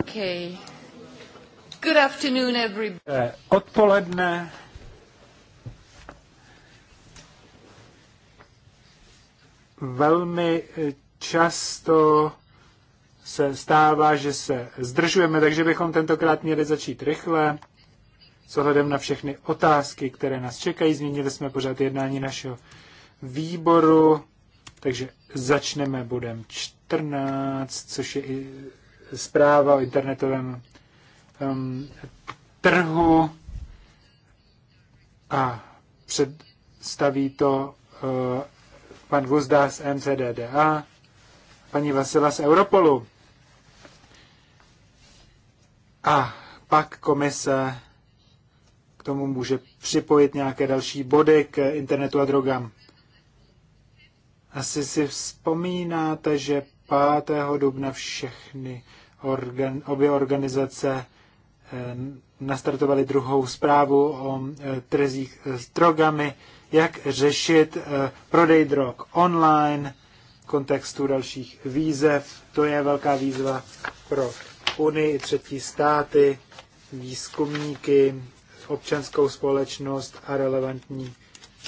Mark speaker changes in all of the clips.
Speaker 1: Okay. Good afternoon, everybody. Eh,
Speaker 2: odpoledne. Velmi eh, často se stává, že se zdržujeme, takže bychom tentokrát měli začít rychle. S ohledem na všechny otázky, které nás čekají, změnili jsme pořád jednání našeho výboru, takže začneme bodem 14, což je i zpráva o internetovém um, trhu a představí to uh, pan Guzda z MCDDA, paní Vasila z Europolu. A pak komise k tomu může připojit nějaké další body k internetu a drogám. Asi si vzpomínáte, že 5. dubna všechny organ, obě organizace eh, nastartovaly druhou zprávu o eh, trzích s drogami, jak řešit eh, prodej drog online v kontextu dalších výzev. To je velká výzva pro Unii i třetí státy, výzkumníky, občanskou společnost a relevantní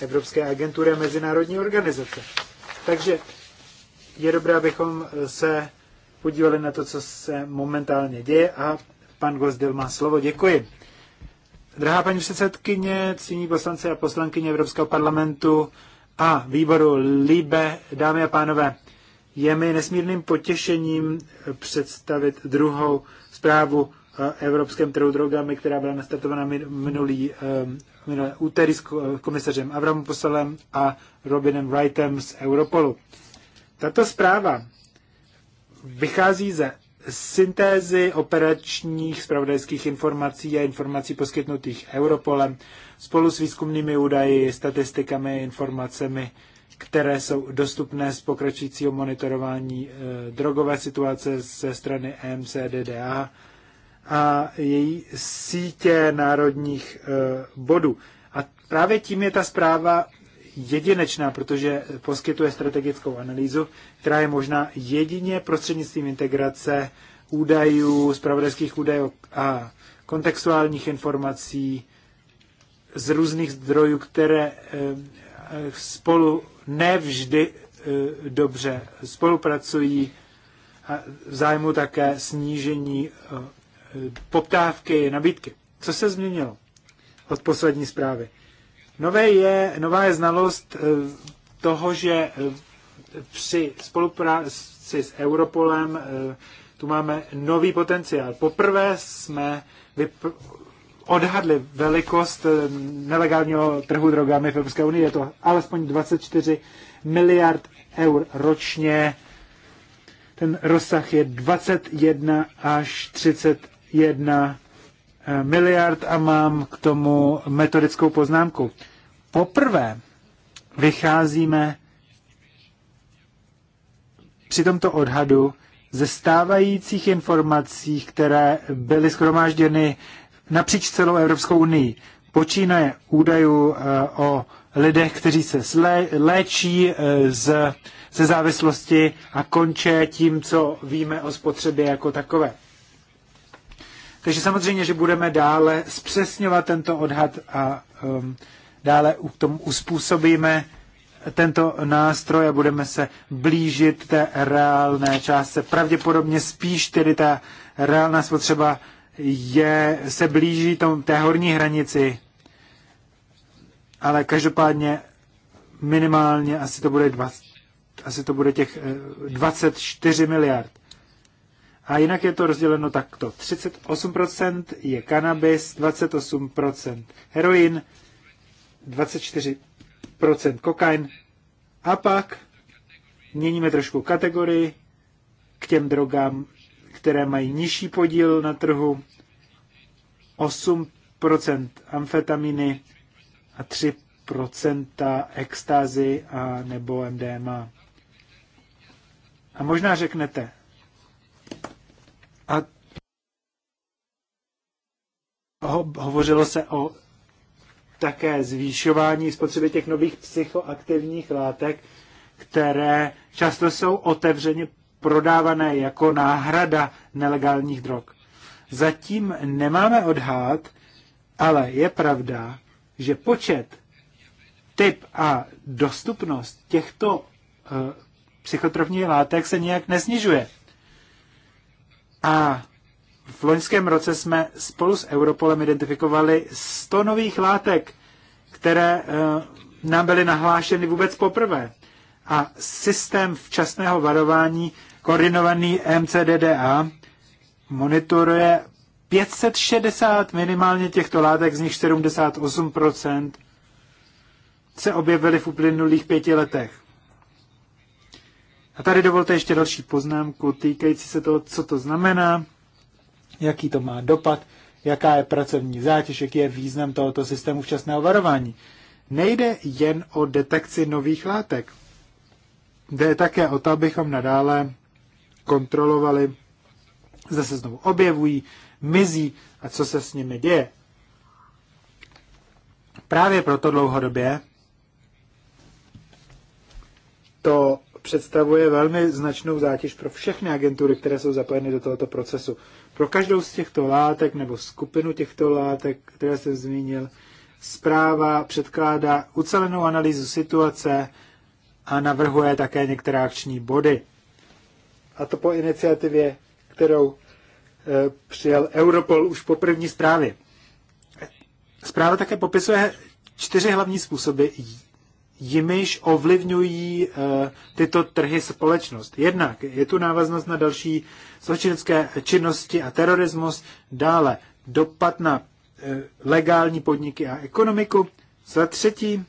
Speaker 2: evropské agentury a mezinárodní organizace. Takže je dobré, abychom se podívali na to, co se momentálně děje a pan Gozdil má slovo. Děkuji. Drahá paní předsedkyně, cíní poslanci a poslankyně Evropského parlamentu a výboru Líbe, dámy a pánové, je mi nesmírným potěšením představit druhou zprávu o eh, evropském trhu drogami, která byla nastartována minulý, eh, minulý úterý s komisařem Avramem Poselem a Robinem Wrightem z Europolu. Tato zpráva vychází ze syntézy operačních spravodajských informací a informací poskytnutých Europolem spolu s výzkumnými údaji, statistikami, informacemi, které jsou dostupné z pokračujícího monitorování e, drogové situace ze strany MCDDA a její sítě národních e, bodů. A právě tím je ta zpráva jedinečná, protože poskytuje strategickou analýzu, která je možná jedině prostřednictvím integrace údajů, zpravodajských údajů a kontextuálních informací z různých zdrojů, které eh, spolu nevždy eh, dobře spolupracují a v zájmu také snížení eh, poptávky, nabídky. Co se změnilo od poslední zprávy? Nové je, nová je znalost eh, toho, že eh, při spolupráci s Europolem eh, tu máme nový potenciál. Poprvé jsme odhadli velikost nelegálního trhu drogami v Evropské unii. Je to alespoň 24 miliard eur ročně. Ten rozsah je 21 až 31 miliard a mám k tomu metodickou poznámku. Poprvé vycházíme při tomto odhadu ze stávajících informací, které byly schromážděny napříč celou Evropskou unii. Počínaje údajů eh, o lidech, kteří se léčí eh, z, ze závislosti a konče tím, co víme o spotřebě jako takové. Takže samozřejmě, že budeme dále zpřesňovat tento odhad a um, dále k tomu uspůsobíme tento nástroj a budeme se blížit té reálné částce. Pravděpodobně spíš tedy ta reálná spotřeba je, se blíží tom, té horní hranici, ale každopádně minimálně asi to bude, dva, asi to bude těch 24 eh, miliard. A jinak je to rozděleno takto. 38% je kanabis, 28% heroin, 24% kokain. A pak měníme trošku kategorii k těm drogám, které mají nižší podíl na trhu. 8% amfetaminy a 3% extázy a nebo MDMA. A možná řeknete, a ho, hovořilo se o také zvýšování spotřeby těch nových psychoaktivních látek, které často jsou otevřeně prodávané jako náhrada nelegálních drog. Zatím nemáme odhad, ale je pravda, že počet, typ a dostupnost těchto uh, psychotropních látek se nějak nesnižuje. A v loňském roce jsme spolu s Europolem identifikovali 100 nových látek, které eh, nám byly nahlášeny vůbec poprvé. A systém včasného varování, koordinovaný MCDDA, monitoruje 560 minimálně těchto látek, z nich 78% se objevily v uplynulých pěti letech. A tady dovolte ještě další poznámku týkající se toho, co to znamená, jaký to má dopad, jaká je pracovní zátěž, jaký je význam tohoto systému včasného varování. Nejde jen o detekci nových látek. Jde také o to, abychom nadále kontrolovali, zda se znovu objevují, mizí a co se s nimi děje. Právě proto dlouhodobě to představuje velmi značnou zátěž pro všechny agentury, které jsou zapojeny do tohoto procesu. Pro každou z těchto látek nebo skupinu těchto látek, které jsem zmínil, zpráva předkládá ucelenou analýzu situace a navrhuje také některé akční body. A to po iniciativě, kterou e, přijal Europol už po první zprávě. Zpráva také popisuje čtyři hlavní způsoby, jimiž ovlivňují eh, tyto trhy společnost. Jednak je tu návaznost na další zločinecké činnosti a terorismus, dále dopad na eh, legální podniky a ekonomiku, za třetí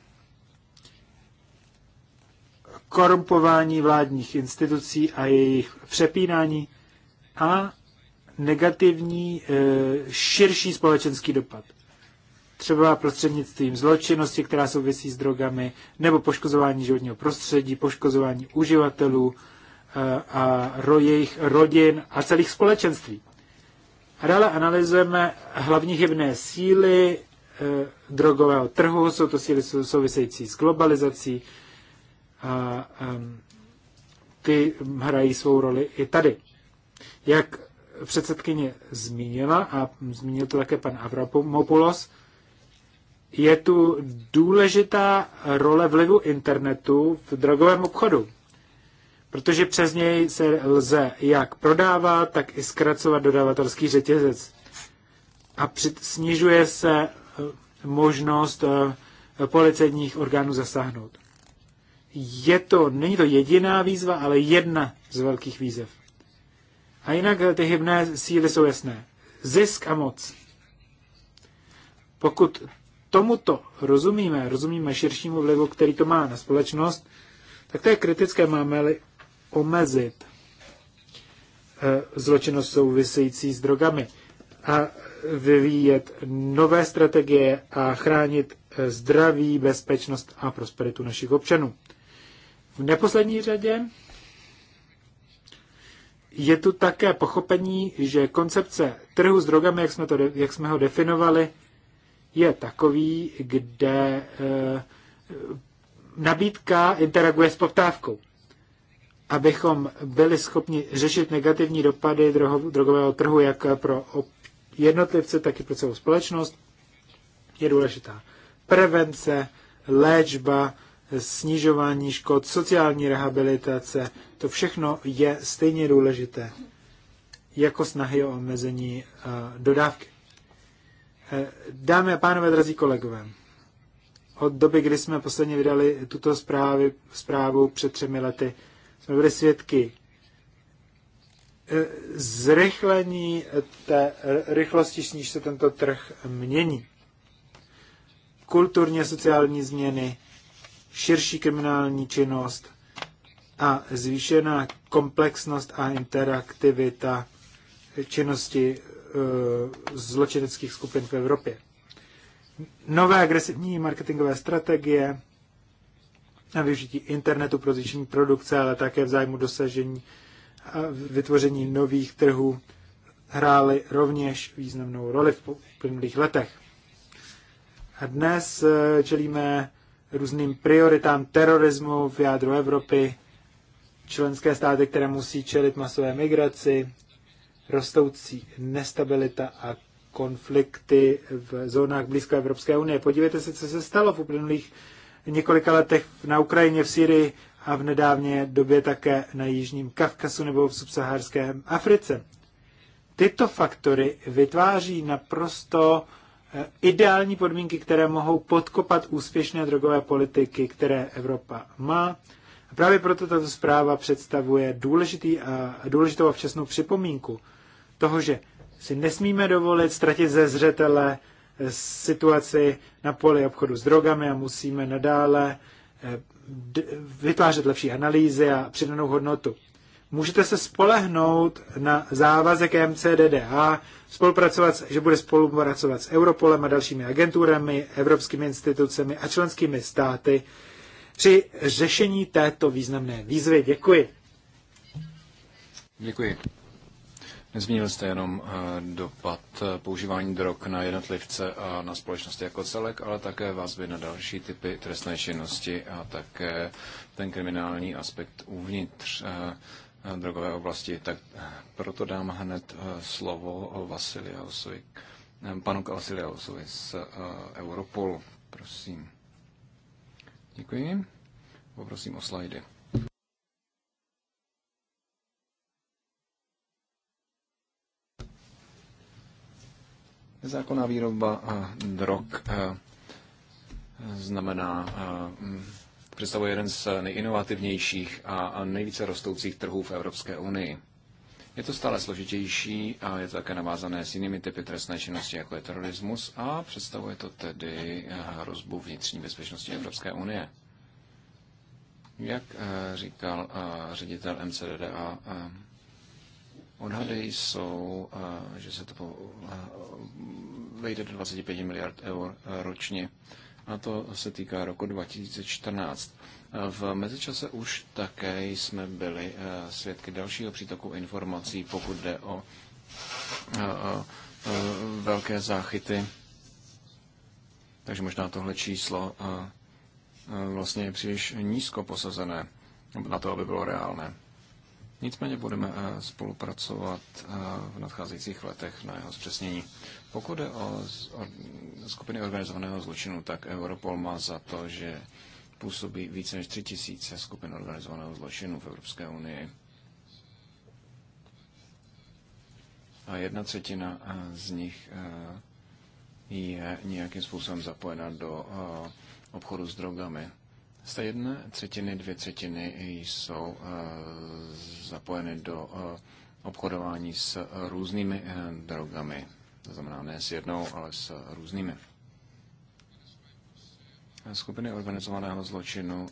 Speaker 2: korumpování vládních institucí a jejich přepínání a negativní eh, širší společenský dopad třeba prostřednictvím zločinnosti, která souvisí s drogami, nebo poškozování životního prostředí, poškozování uživatelů eh, a jejich rodin a celých společenství. A dále analyzujeme hlavní hybné síly eh, drogového trhu, jsou to síly související s globalizací a ty hrají svou roli i tady. Jak předsedkyně zmínila a zmínil to také pan Avramopoulos, je tu důležitá role vlivu internetu v drogovém obchodu, protože přes něj se lze jak prodávat, tak i zkracovat dodavatelský řetězec. A při, snižuje se eh, možnost eh, policejních orgánů zasáhnout. Je to, není to jediná výzva, ale jedna z velkých výzev. A jinak eh, ty hybné síly jsou jasné. Zisk a moc. Pokud tomuto rozumíme, rozumíme širšímu vlivu, který to má na společnost, tak to je kritické, máme-li omezit eh, zločinnost související s drogami a vyvíjet nové strategie a chránit eh, zdraví, bezpečnost a prosperitu našich občanů. V neposlední řadě je tu také pochopení, že koncepce trhu s drogami, jak jsme, to, jak jsme ho definovali, je takový, kde eh, nabídka interaguje s poptávkou. Abychom byli schopni řešit negativní dopady drogového trhu jak pro jednotlivce, tak i pro celou společnost, je důležitá prevence, léčba, snižování škod, sociální rehabilitace, to všechno je stejně důležité jako snahy o omezení eh, dodávky. Dámy a pánové, drazí kolegové, od doby, kdy jsme posledně vydali tuto zprávy, zprávu před třemi lety, jsme byli svědky eh, zrychlení té rychlosti, s níž se tento trh mění. Kulturně sociální změny, širší kriminální činnost a zvýšená komplexnost a interaktivita činnosti Eh, zločineckých skupin v Evropě. Nové agresivní marketingové strategie na využití internetu pro zvýšení produkce, ale také v zájmu dosažení a vytvoření nových trhů hrály rovněž významnou roli v plynulých letech. A dnes eh, čelíme různým prioritám terorismu v jádru Evropy, členské státy, které musí čelit masové migraci, rostoucí nestabilita a konflikty v zónách blízko Evropské unie. Podívejte se, co se stalo v uplynulých několika letech na Ukrajině, v Syrii a v nedávné době také na Jižním Kavkazu nebo v subsaharské Africe. Tyto faktory vytváří naprosto eh, ideální podmínky, které mohou podkopat úspěšné drogové politiky, které Evropa má. A právě proto tato zpráva představuje důležitý a důležitou a včasnou připomínku – toho, že si nesmíme dovolit ztratit ze zřetele eh, situaci na poli obchodu s drogami a musíme nadále eh, vytvářet lepší analýzy a přidanou hodnotu. Můžete se spolehnout na závazek MCDDA, spolupracovat, že bude spolupracovat s Europolem a dalšími agenturami, evropskými institucemi a členskými státy při řešení této významné výzvy. Děkuji.
Speaker 1: Děkuji. Nezmínil jste jenom eh, dopad eh, používání drog na jednotlivce a na společnosti jako celek, ale také vazby na další typy trestné činnosti a také ten kriminální aspekt uvnitř eh, drogové oblasti. Tak proto dám hned slovo Vasiliausovi, panu Vasiliausovi z Europolu. Prosím. Děkuji. Poprosím o slajdy. Nezákonná výroba eh, drog eh, znamená, eh, mm, představuje jeden z nejinovativnějších a nejvíce rostoucích trhů v Evropské unii. Je to stále složitější a je to také navázané s jinými typy trestné činnosti, jako je terorismus, a představuje to tedy hrozbu vnitřní bezpečnosti Evropské unie. Jak říkal ředitel MCDDA, Odhady jsou, eh, že se to eh, vejde do 25 miliard eur eh, ročně. A to se týká roku 2014. V mezičase už také jsme byli svědky dalšího přítoku informací, pokud jde o velké záchyty. Takže možná tohle číslo vlastně je příliš nízko posazené na to, aby bylo reálné. Nicméně budeme eh, spolupracovat eh, v nadcházejících letech na jeho zpřesnění. Pokud je o skupiny organizovaného zločinu, tak Europol má za to, že působí více než 3 skupin organizovaného zločinu v Evropské unii. A jedna třetina eh, z nich je nějakým způsobem zapojena do obchodu s drogami. Z té jedné třetiny, dvě třetiny jsou eh, zapojeny do eh, obchodování s eh, různými drogami. To znamená ne s jednou, ale s různými. Skupiny organizovaného zločinu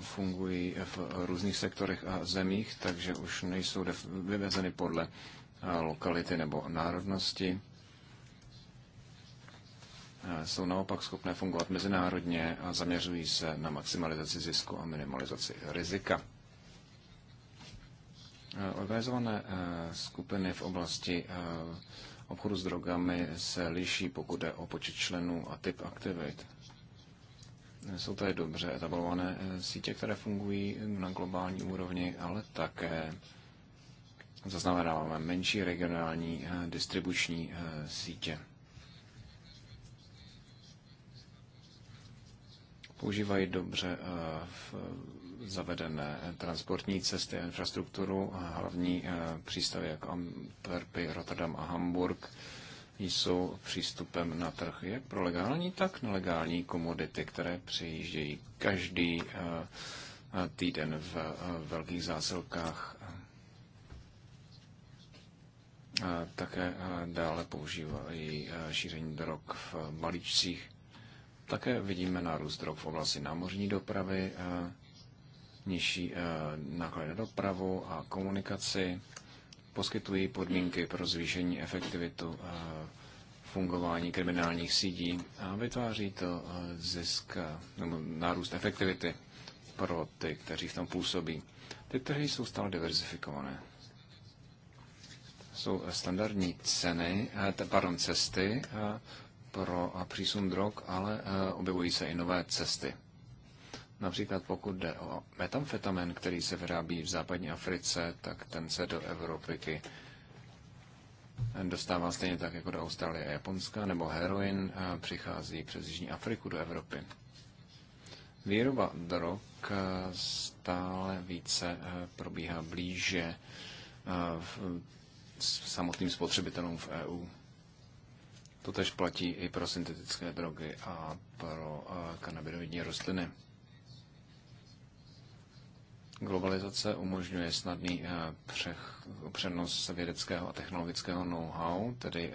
Speaker 1: fungují v různých sektorech a zemích, takže už nejsou vyvezeny podle lokality nebo národnosti. Eh, jsou naopak schopné fungovat mezinárodně a zaměřují se na maximalizaci zisku a minimalizaci rizika. Eh, organizované eh, skupiny v oblasti obchodu s drogami se liší, pokud jde o počet členů a typ aktivit. Jsou tady dobře etablované sítě, které fungují na globální úrovni, ale také zaznamenáváme menší regionální distribuční sítě. používají dobře eh, v eh, zavedené transportní cesty a infrastrukturu. Hlavní eh, přístavy jako Antwerpy, Rotterdam a Hamburg jsou přístupem na trh jak pro legální, tak nelegální komodity, které přijíždějí každý týden v velkých zásilkách. Také dále používají šíření drog v balíčcích také vidíme nárůst drog v oblasti námořní dopravy, eh, nižší eh, náklady na dopravu a komunikaci. Poskytují podmínky pro zvýšení efektivitu eh, fungování kriminálních sítí a vytváří to zisk nebo nárůst efektivity pro ty, kteří v tom působí. Ty trhy jsou stále diverzifikované. Jsou standardní ceny, pardon, cesty, pro eh, přísun drog, ale eh, objevují se i nové cesty. Například pokud jde o metamfetamin, který se vyrábí v západní Africe, tak ten se do Evropy dostává stejně tak jako do Austrálie a Japonska, nebo heroin eh, přichází přes Jižní Afriku do Evropy. Výroba drog stále více probíhá blíže samotným spotřebitelům v EU. To tež platí i pro syntetické drogy a pro eh, kanabinoidní rostliny. Globalizace umožňuje snadný eh, přenos vědeckého a technologického know-how, tedy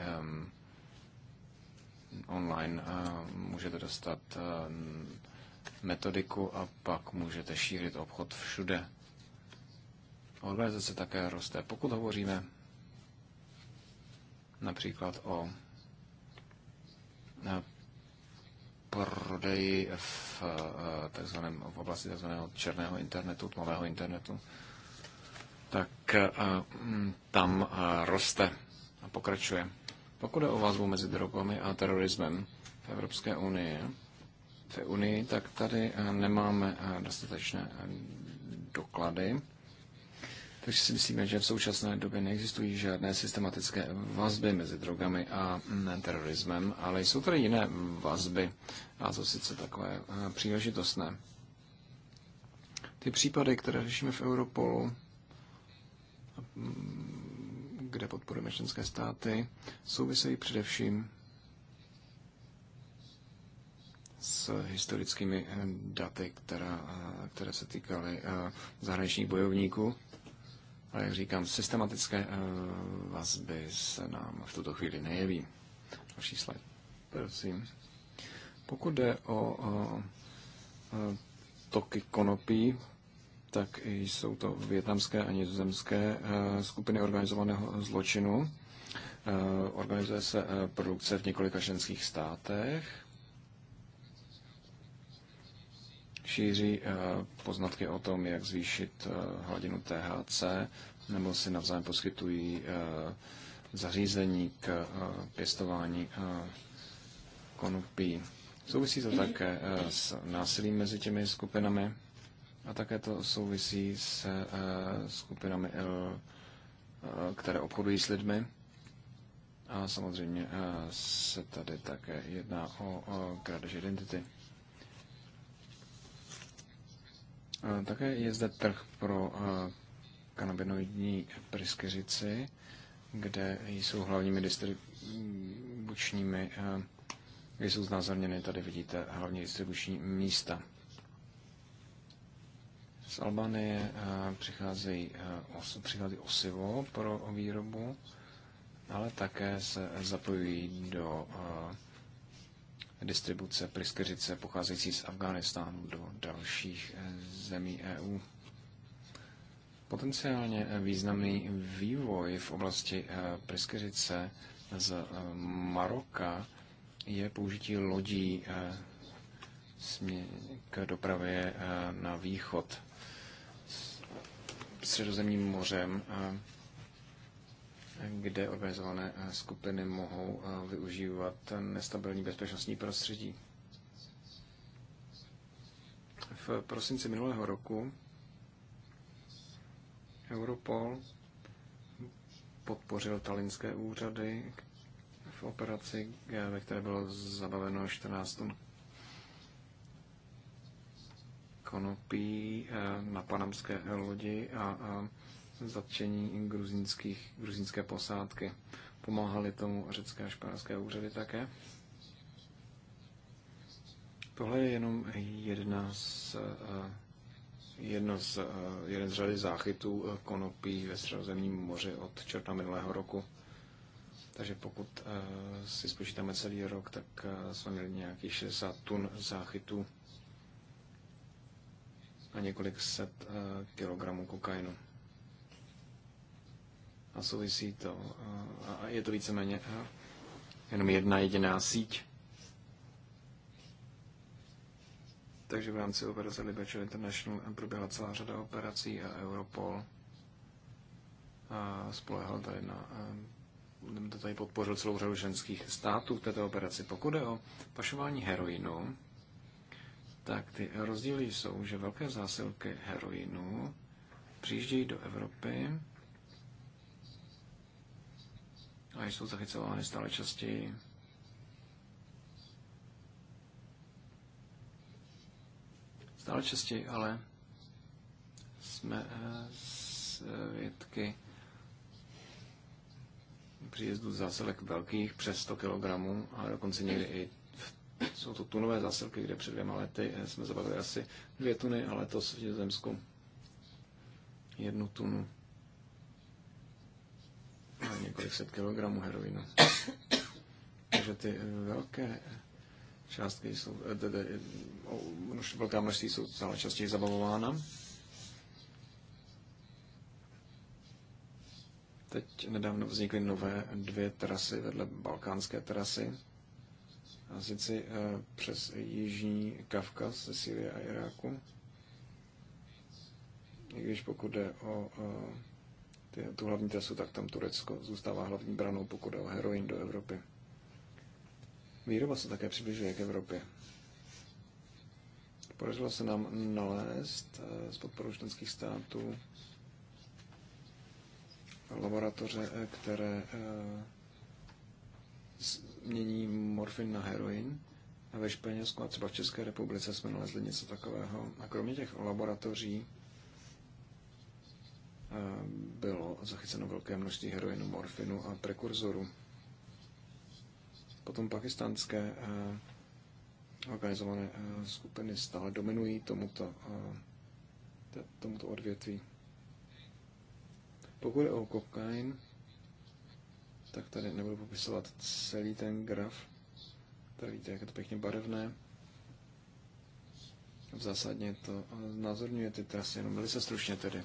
Speaker 1: online eh, můžete dostat metodiku a pak můžete šířit obchod všude. Organizace také roste. Pokud hovoříme například o prodeji v, eh, takzvaném, v oblasti tzv. černého internetu, tmavého internetu, tak eh, mm, tam eh, roste a pokračuje. Pokud je o vazbu mezi drogami a terorismem v Evropské unii, v unii, tak tady nemáme dostatečné doklady takže si myslíme, že v současné době neexistují žádné systematické vazby mezi drogami a mm, terorismem, ale jsou tady jiné vazby, a to sice takové eh, příležitostné. Ty případy, které řešíme v Europolu, mm, kde podporujeme členské státy, souvisejí především s historickými eh, daty, která, eh, které se týkaly zahraničních bojovníků. A jak říkám, systematické eh, vazby se nám v tuto chvíli nejeví. Další slide, prosím. Pokud jde o, o toky konopí, tak jsou to větnamské a nizozemské eh, skupiny organizovaného zločinu. Eh, organizuje se produkce v několika ženských státech šíří eh, poznatky o tom, jak zvýšit eh, hladinu THC, nebo si navzájem poskytují eh, zařízení k pěstování konopí. Souvisí to také s násilím mezi těmi skupinami a také to souvisí s skupinami, které obchodují s lidmi. A samozřejmě se tady také jedná o krádež identity. Eh, také je zde trh pro eh, kanabinoidní pryskyřici, kde jsou hlavními distribučními, eh, kde jsou znázorněny, tady vidíte hlavní distribuční místa. Z Albánie přichází, přichází osivo pro výrobu, ale také se zapojují do distribuce pryskyřice pocházející z Afghánistánu do dalších eh, zemí EU. Potenciálně eh, významný vývoj v oblasti eh, pryskyřice z Maroka je použití lodí k dopravě na východ středozemním mořem kde organizované eh, skupiny mohou eh, využívat nestabilní bezpečnostní prostředí. V prosinci minulého roku Europol podpořil talinské úřady v operaci, ve které bylo zabaveno 14 tun konopí eh, na panamské lodi a, a Vlastně zatčení gruzínských gruzínské posádky. Pomáhali tomu řecké a španělské úřady také. Tohle je jenom jedna z, eh, jedno z, eh, jeden z řady záchytů eh, konopí ve středozemním moři od června minulého roku. Takže pokud si spočítáme celý rok, tak jsme měli nějakých 60 tun záchytů a několik set kilogramů kokainu a souvisí to eh, a je to víceméně eh, jenom jedna jediná síť. Takže v rámci operace Liberty International proběhla celá řada operací a Europol a spolehal tady na to eh, tady podpořil celou řadu ženských států v této operaci. Pokud je o pašování heroinu, tak ty rozdíly jsou, že velké zásilky heroinu přijíždějí do Evropy a jsou zachycovány stále častěji. Stále častěji ale jsme eh, svědky příjezdu zásilek velkých přes 100 kg a dokonce někdy i jsou to tunové zásilky, kde před dvěma lety eh, jsme zabavili asi dvě tuny ale to v Zemsku jednu tunu několik set kilogramů heroinu. Takže ty eh, velké eh, částky jsou, eh, velká množství jsou stále častěji zabavována. Teď nedávno vznikly nové dvě trasy vedle balkánské trasy. A sice přes Jižní Kavkaz ze Syrie a Iráku. I když pokud jde o tu hlavní trasu, tak tam Turecko zůstává hlavní branou, pokud o heroin do Evropy. Výroba se také přibližuje k Evropě. Podařilo se nám nalézt eh, z podporu členských států laboratoře, eh, které změní eh, morfin na heroin. A ve Španělsku a třeba v České republice jsme nalezli něco takového. A kromě těch laboratoří bylo zachyceno velké množství heroinu, morfinu a prekurzorů. Potom pakistánské eh, organizované eh, skupiny stále dominují tomuto, eh, tomuto odvětví. Pokud je o kokain, tak tady nebudu popisovat celý ten graf. Tady vidíte, jak je to pěkně barevné. V zásadně to znázorňuje ty trasy, jenom velice stručně tedy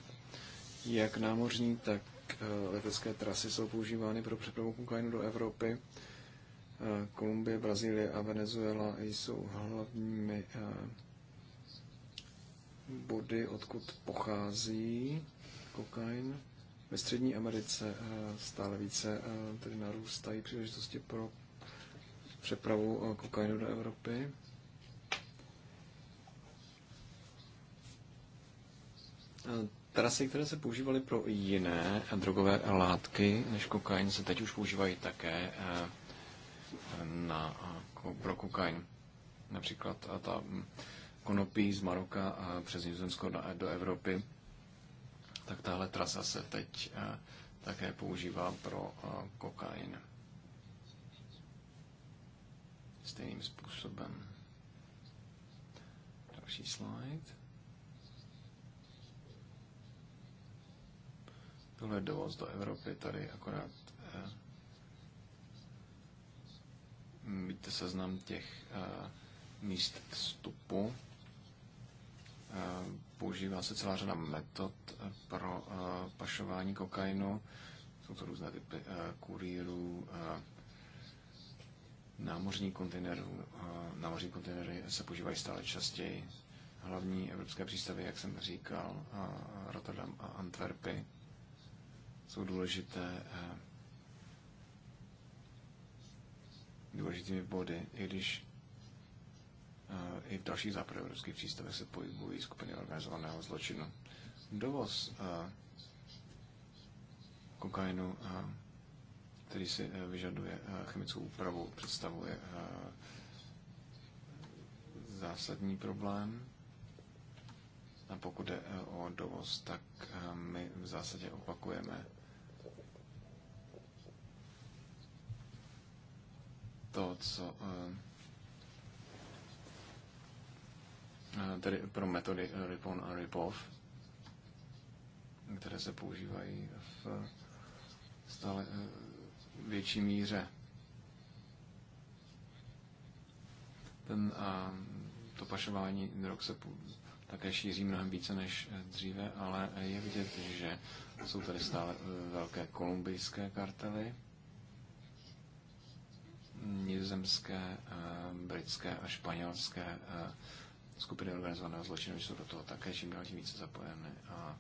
Speaker 1: jak námořní, tak eh, letecké trasy jsou používány pro přepravu kokainu do Evropy. Eh, Kolumbie, Brazílie a Venezuela jsou hlavními eh, body, odkud pochází kokain. Ve Střední Americe stále více tedy narůstají příležitosti pro přepravu kokainu do Evropy trasy, které se používaly pro jiné drogové látky než kokain, se teď už používají také eh, na, eh, pro kokain. Například eh, ta hm, konopí z Maroka přes Nizozemsko do Evropy, tak tahle trasa se teď také používá pro kokain. Stejným způsobem. Další slide. tohle dovoz do Evropy tady akorát eh, víte seznam těch eh, míst vstupu. Eh, používá se celá řada metod eh, pro eh, pašování kokainu. Jsou to různé typy eh, kurýrů, eh, námořní kontejnerů. Eh, námořní kontejnery se používají stále častěji. Hlavní evropské přístavy, jak jsem říkal, eh, Rotterdam a Antwerpy jsou důležité eh, důležitými body, i když eh, i v dalších západoevropských přístavech se pohybují skupiny organizovaného zločinu. Dovoz eh, kokainu, který si vyžaduje chemickou úpravu, představuje zásadní problém. A pokud jde o dovoz, tak my v zásadě opakujeme to, co eh, eh, tedy pro metody ripon a ripoff, které se používají v stále eh, větší míře. Ten, a to pašování drog se také šíří mnohem více než dříve, ale je vidět, že jsou tady stále velké kolumbijské kartely nizozemské, eh, britské a španělské eh, skupiny organizovaného zločinu jsou do toho také čím dál tím více zapojeny a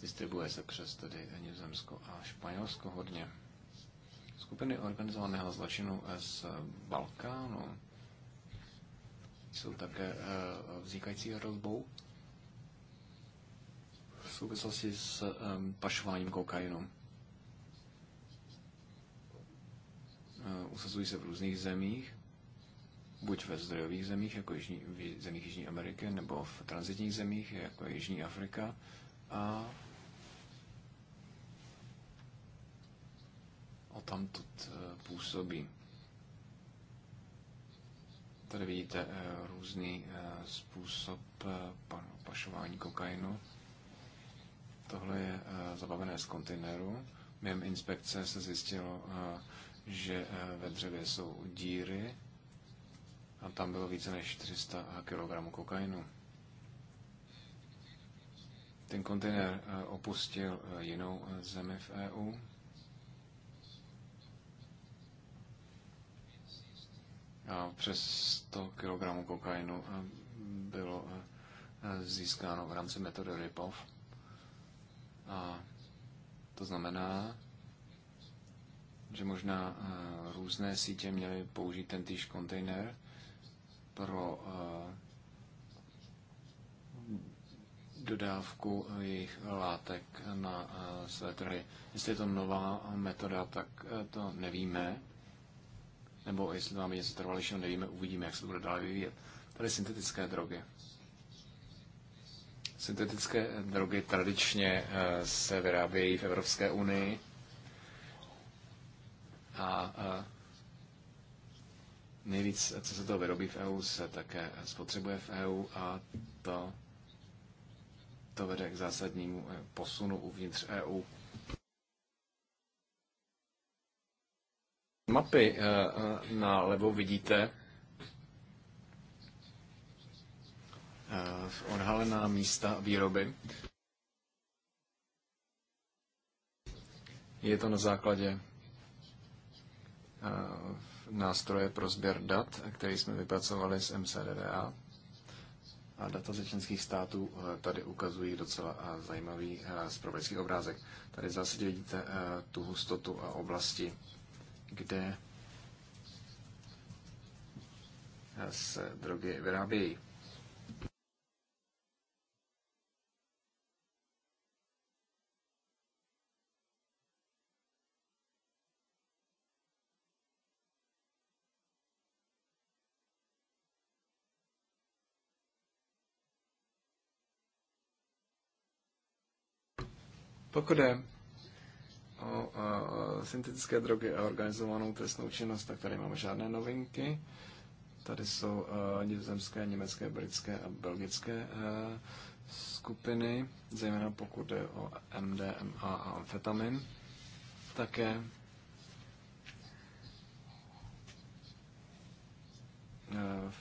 Speaker 1: distribuje se přes tedy Nizozemsko a Španělsko hodně. Skupiny organizovaného zločinu eh, z Balkánu jsou také vznikající hrozbou v souvislosti s pašováním kokainu. Eh, usazují se v různých zemích, buď ve zdrojových zemích, jako jižní, v zemích Jižní Ameriky, nebo v transitních zemích, jako Jižní Afrika. A o tamtud eh, působí. Tady vidíte eh, různý způsob pašování kokainu. Tohle je zabavené z kontejneru. Během inspekce se zjistilo že eh, ve dřevě jsou díry a tam bylo více než 400 kg kokainu. Ten kontejner eh, opustil eh, jinou zemi v EU. A přes 100 kg kokainu bylo získáno v rámci metody Ripov. A to znamená, že možná eh, různé sítě měly použít ten týž kontejner pro eh, dodávku eh, jejich látek na své trhy. Jestli je to nová metoda, tak to nevíme. Nebo jestli to máme něco trvalejšího, nevíme, uvidíme, jak se to bude dál vyvíjet. Tady syntetické drogy. Syntetické drogy tradičně se vyrábějí v Evropské unii a nejvíc, co se to vyrobí v EU, se také spotřebuje v EU a to, to vede k zásadnímu eh, posunu uvnitř EU. Mapy eh, eh, na levo vidíte odhalená místa výroby. Je to na základě nástroje pro sběr dat, který jsme vypracovali s MCDVA. A data ze členských států eh, tady ukazují docela eh, zajímavý eh, zpravodajský obrázek. Tady zase vidíte tu hustotu a oblasti, kde se drogy vyrábějí. Pokud je o syntetické drogy a organizovanou trestnou činnost, tak tady máme žádné novinky. Tady jsou e, nizozemské, německé, britské a belgické e, skupiny, zejména pokud je o MDMA a amfetamin. Také e,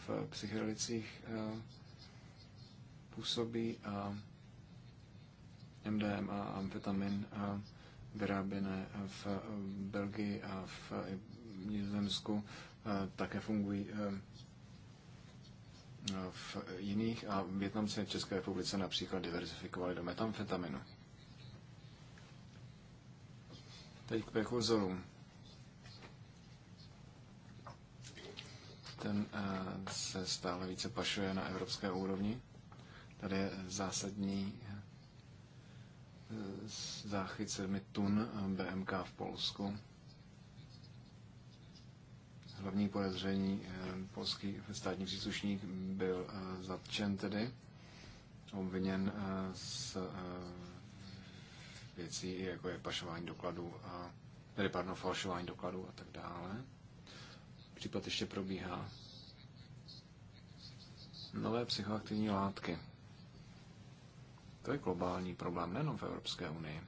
Speaker 1: v psychedelicích působí a MDMA a amfetamin vyráběné v eh, Belgii a v eh, Nizozemsku eh, také fungují v jiných a Větnamci v České republice například diversifikovali do metamfetaminu. Teď k prekurzorům. Ten se stále více pašuje na evropské úrovni. Tady je zásadní záchycemi tun BMK v Polsku. Hlavní podezření eh, polský státní příslušník byl eh, zatčen tedy, obviněn s eh, věcí, jako je pašování dokladů a tedy pardon, falšování dokladů a tak dále. Případ ještě probíhá. Nové psychoaktivní látky. To je globální problém, nejenom v Evropské unii.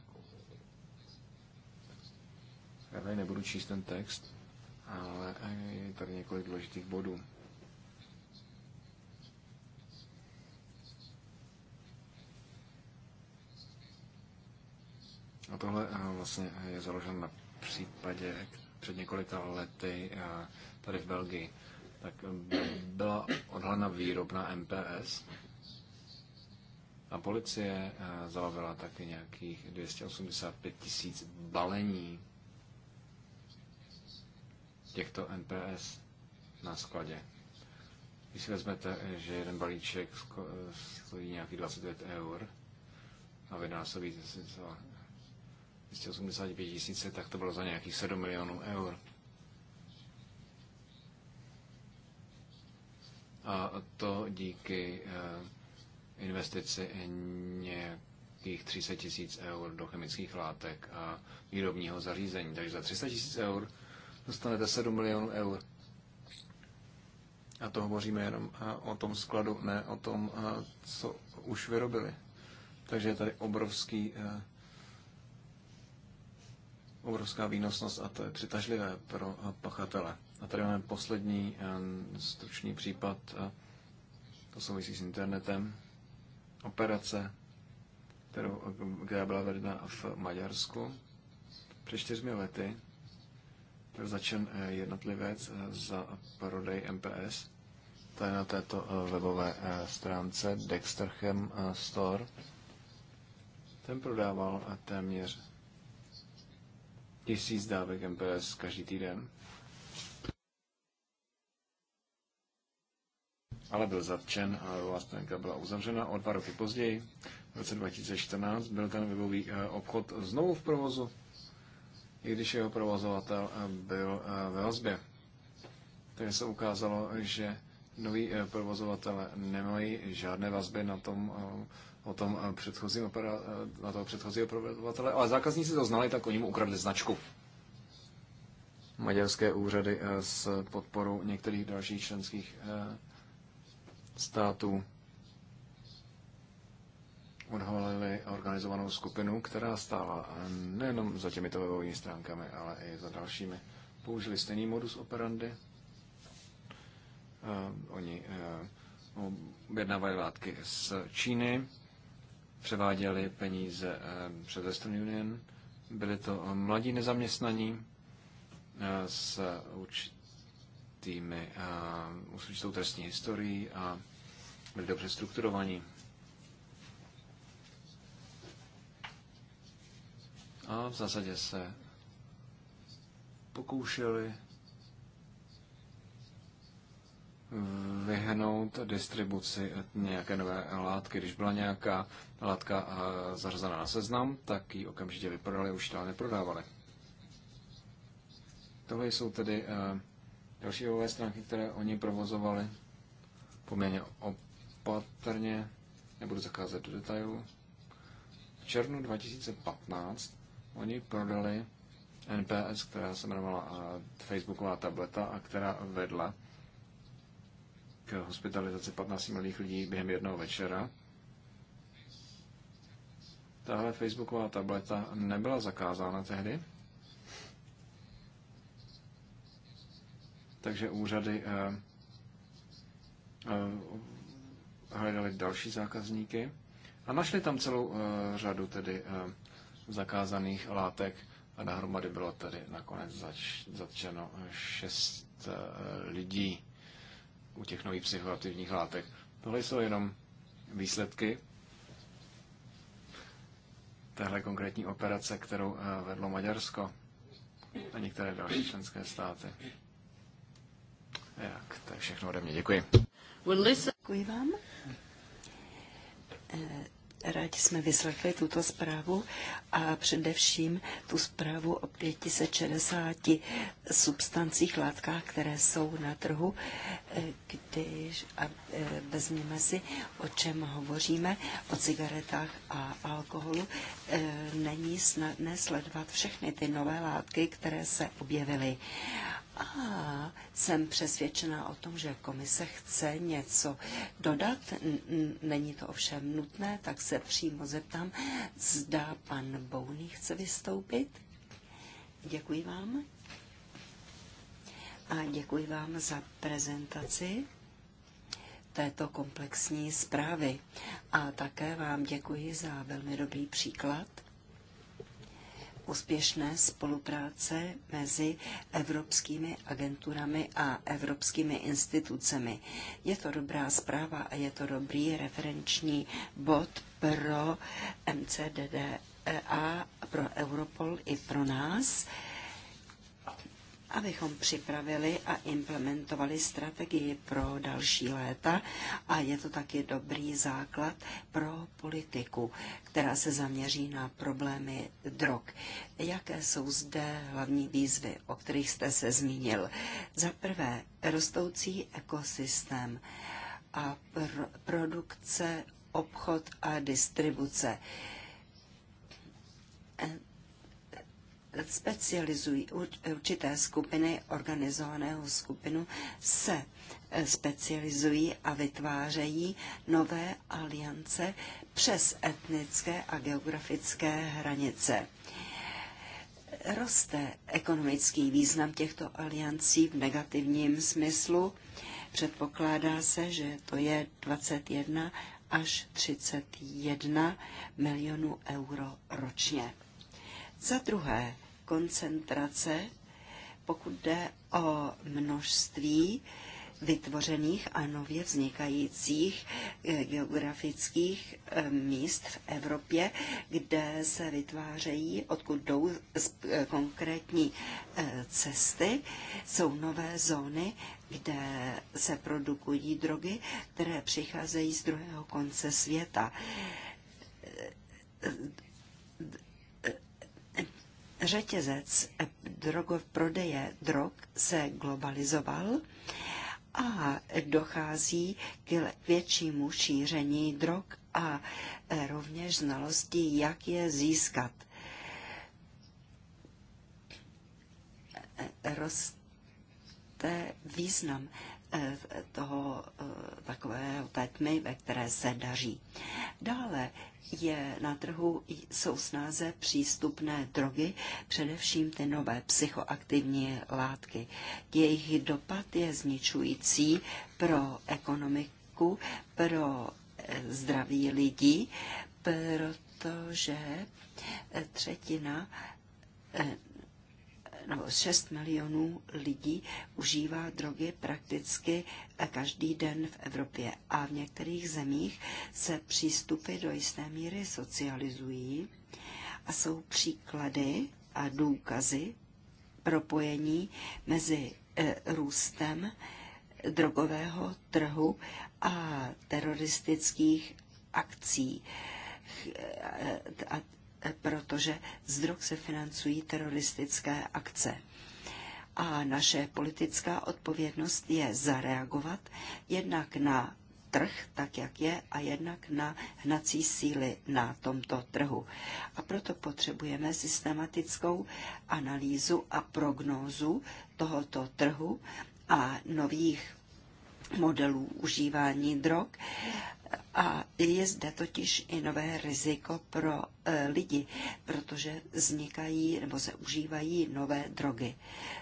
Speaker 1: Já tady nebudu číst ten text, ale je tady několik důležitých bodů. A tohle eh, vlastně eh, je založeno na případě eh, před několika lety tady v Belgii. Tak byla odhalena výrobna MPS, a policie eh, zabavila taky nějakých 285 tisíc balení těchto NPS na skladě. Když si vezmete, že jeden balíček stojí nějakých 29 eur a vynásobí 285 tisíc, tak to bylo za nějakých 7 milionů eur. A to díky eh, investici nějakých 300 tisíc eur do chemických látek a výrobního zařízení. Takže za 300 tisíc eur dostanete 7 milionů eur. A to hovoříme jenom o tom skladu, ne o tom, co už vyrobili. Takže je tady obrovský, obrovská výnosnost a to je přitažlivé pro pachatele. A tady máme poslední stručný případ, to souvisí s internetem operace, kterou, která byla vedena v Maďarsku před čtyřmi lety. Byl začen eh, jednotlivec eh, za prodej MPS. To je na této eh, webové stránce Dexterchem Store. Ten prodával téměř tisíc dávek MPS každý týden. ale byl zatčen a rolová byla uzavřena. O dva roky později, v roce 2014, byl ten webový eh, obchod znovu v provozu, i když jeho provozovatel eh, byl eh, ve vazbě. Tady se ukázalo, že noví provozovatele nemají žádné vazby na tom o tom předchozím opera, na toho předchozího provozovatele, ale zákazníci to znali, tak oni mu ukradli značku. Maďarské úřady s podporou některých dalších členských států odhalili organizovanou skupinu, která stála nejenom za těmito webovými stránkami, ale i za dalšími. Použili stejný modus operandi. Eh, oni eh, objednávali látky z Číny, převáděli peníze eh, přes Western Union, byli to mladí nezaměstnaní s určitým určitými, uh, s určitou trestní historií a byli dobře strukturovaní. A v zásadě se pokoušeli vyhnout distribuci nějaké nové látky. Když byla nějaká látka zařazená na seznam, tak ji okamžitě vyprodali, už dál neprodávali. Tohle jsou tedy další webové stránky, které oni provozovali poměrně opatrně, nebudu zakázat do detailů. V červnu 2015 oni prodali NPS, která se jmenovala Facebooková tableta a která vedla k hospitalizaci 15 milých lidí během jednoho večera. Tahle Facebooková tableta nebyla zakázána tehdy, takže úřady eh, eh, hledali další zákazníky a našli tam celou eh, řadu tedy zakázaných látek a dohromady bylo tady nakonec zatčeno šest lidí u těch nových psychoaktivních látek. Tohle jsou jenom výsledky téhle konkrétní operace, kterou vedlo Maďarsko a některé další členské státy. Tak, to je všechno ode mě. Děkuji.
Speaker 3: Děkuji vám. Eh, rádi jsme vyslechli tuto zprávu a především tu zprávu o 560 substancích, látkách, které jsou na trhu, eh, když a eh, vezmeme si, o čem hovoříme, o cigaretách a alkoholu, není snadné sledovat všechny ty nové látky, které se objevily. A jsem přesvědčena o tom, že komise chce něco dodat. Není to ovšem nutné, tak se přímo zeptám, zda pan Bouny chce vystoupit. Děkuji vám. A děkuji vám za prezentaci této komplexní zprávy. A také vám děkuji za velmi dobrý příklad úspěšné spolupráce mezi evropskými agenturami a evropskými institucemi. Je to dobrá zpráva a je to dobrý referenční bod pro MCDDA, e pro Europol i pro nás abychom připravili a implementovali strategii pro další léta a je to taky dobrý základ pro politiku, která se zaměří na problémy drog. Jaké jsou zde hlavní výzvy, o kterých jste se zmínil? Za prvé, rostoucí ekosystém a pr- produkce, obchod a distribuce specializují určité skupiny organizovaného skupinu, se eh, specializují a vytvářejí nové aliance přes etnické a geografické hranice. Roste ekonomický význam těchto aliancí v negativním smyslu. Předpokládá se, že to je 21 až 31 milionů euro ročně. Za druhé, koncentrace, pokud jde o množství vytvořených a nově vznikajících eh, geografických eh, míst v Evropě, kde se vytvářejí, odkud jdou eh, konkrétní cesty. Jsou nové zóny, kde se produkují drogy, které přicházejí z druhého konce světa řetězec drogo, prodeje drog se globalizoval a dochází k většímu šíření drog a eh, rovněž znalosti, jak je získat. Eh, eh, roste význam Eh, toho eh, takového té tmy, ve které se daří. Dále je na trhu, jsou snáze přístupné drogy, především ty nové psychoaktivní látky. Jejich dopad je zničující pro ekonomiku, pro eh, zdraví lidí, protože třetina nebo 6 milionů lidí užívá drogy prakticky eh, každý den v Evropě a v některých zemích se přístupy do jisté míry socializují a jsou příklady a důkazy propojení mezi eh, růstem drogového trhu a teroristických akcí eh, a protože z drog se financují teroristické akce. A naše politická odpovědnost je zareagovat jednak na trh, tak jak je, a jednak na hnací síly na tomto trhu. A proto potřebujeme systematickou analýzu a prognózu tohoto trhu a nových modelů užívání drog a je zde totiž i nové riziko pro e, lidi, protože vznikají nebo se užívají nové drogy.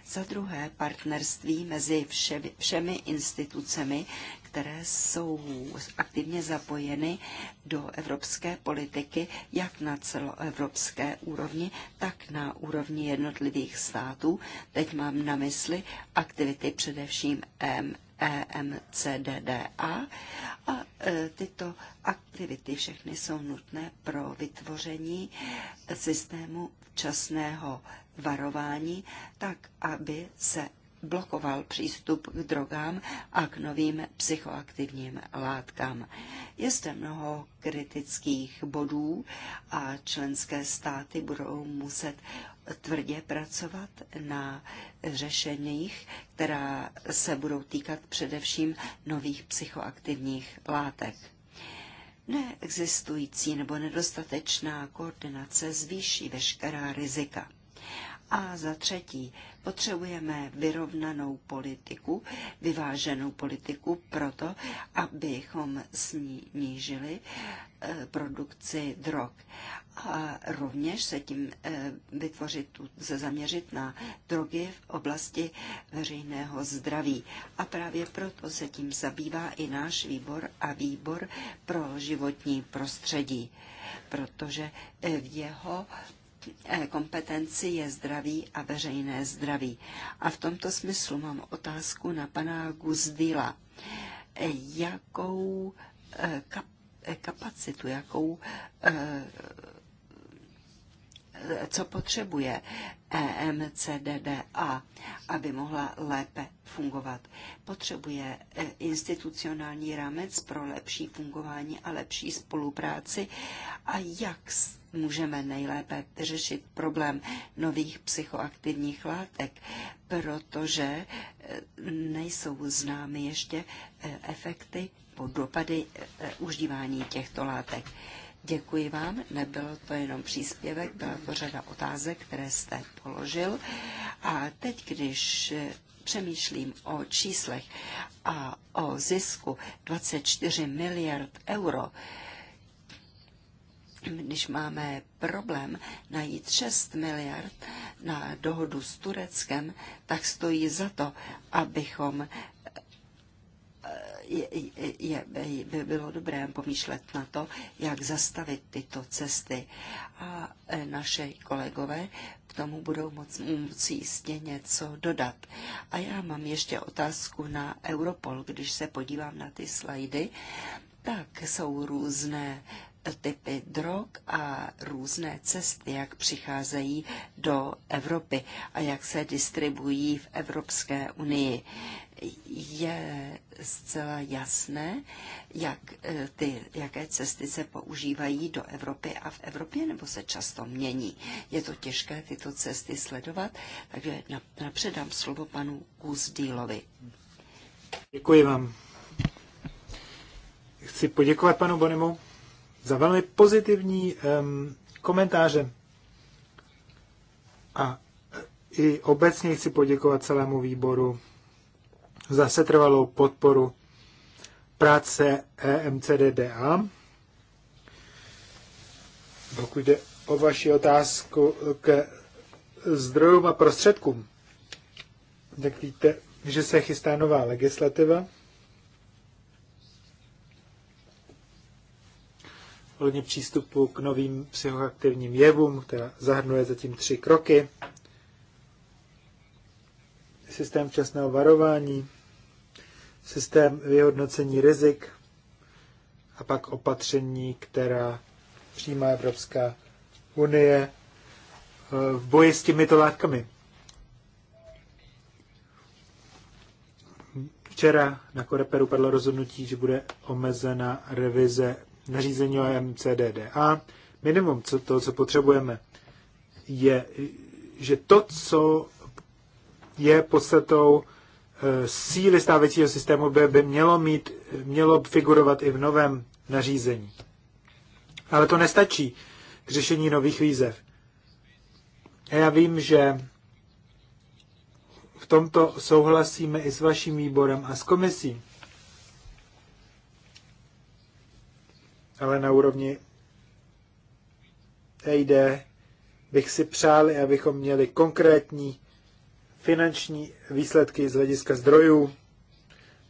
Speaker 3: Za druhé partnerství mezi všemi, všemi institucemi, které jsou aktivně zapojeny do evropské politiky, jak na celoevropské úrovni, tak na úrovni jednotlivých států. Teď mám na mysli aktivity především EMCDDA a e, tyto aktivity všechny jsou nutné pro vytvoření systému včasného varování, tak aby se blokoval přístup k drogám a k novým psychoaktivním látkám. Je zde mnoho kritických bodů a členské státy budou muset tvrdě pracovat na řešeních, která se budou týkat především nových psychoaktivních látek. Neexistující nebo nedostatečná koordinace zvýší veškerá rizika. A za třetí, potřebujeme vyrovnanou politiku, vyváženou politiku proto, abychom snížili Eh, produkci drog. A rovněž se tím eh, vytvořit, se zaměřit na drogy v oblasti veřejného zdraví. A právě proto se tím zabývá i náš výbor a výbor pro životní prostředí, protože eh, v jeho kompetenci je zdraví a veřejné zdraví. A v tomto smyslu mám otázku na pana Guzdila. Jakou kapacitu E, kapacitu, jakou e, co potřebuje EMCDDA, aby mohla lépe fungovat. Potřebuje e, institucionální rámec pro lepší fungování a lepší spolupráci a jak můžeme nejlépe řešit problém nových psychoaktivních látek, protože nejsou známy ještě efekty o dopady eh, užívání těchto látek. Děkuji vám, Nebylo to jenom příspěvek, byla to řada otázek, které jste položil. A teď, když eh, přemýšlím o číslech a o zisku 24 miliard euro, když máme problém najít 6 miliard na dohodu s Tureckem, tak stojí za to, abychom je, je, by bylo dobré pomýšlet na to, jak zastavit tyto cesty. A e, naše kolegové k tomu budou moc, moci jistě něco dodat. A já mám ještě otázku na Europol. Když se podívám na ty slajdy, tak jsou různé typy drog a různé cesty, jak přicházejí do Evropy a jak se distribuují v Evropské unii. Je zcela jasné, jak e, ty, jaké cesty se používají do Evropy a v Evropě, nebo se často mění. Je to těžké tyto cesty sledovat, takže napředám slovo panu Kuzdílovi. Děkuji vám.
Speaker 2: Chci poděkovat panu Bonimu za velmi pozitivní um, komentáře. A e, i obecně chci poděkovat celému výboru za setrvalou podporu práce EMCDDA. Pokud jde o vaši otázku k zdrojům a prostředkům, tak víte, že se chystá nová legislativa, ohledně přístupu k novým psychoaktivním jevům, která zahrnuje zatím tři kroky. Systém včasného varování, systém vyhodnocení rizik a pak opatření, která přijímá Evropská unie eh, v boji s těmito látkami. Včera na Koreperu padlo rozhodnutí, že bude omezena revize nařízení o MCDDA. Minimum co, to, co potřebujeme, je, že to, co je podstatou eh, síly stávajícího systému, by, by mělo, mít, mělo figurovat i v novém nařízení. Ale to nestačí k řešení nových výzev. A já vím, že v tomto souhlasíme i s vaším výborem a s komisí. ale na úrovni EID bych si přáli, abychom měli konkrétní finanční výsledky z hlediska zdrojů.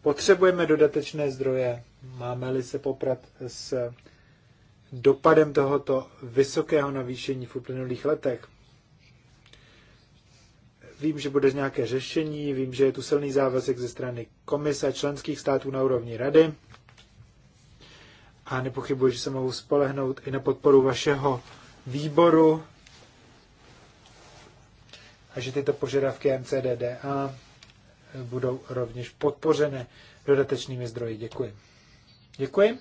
Speaker 2: Potřebujeme dodatečné zdroje, máme-li se poprat s dopadem tohoto vysokého navýšení v uplynulých letech. Vím, že bude nějaké řešení, vím, že je tu silný závazek ze strany komise členských států na úrovni rady a nepochybuji, že se mohu spolehnout i na podporu vašeho výboru a že tyto požadavky MCDDA budou rovněž podpořené dodatečnými zdroji. Děkuji. Děkuji.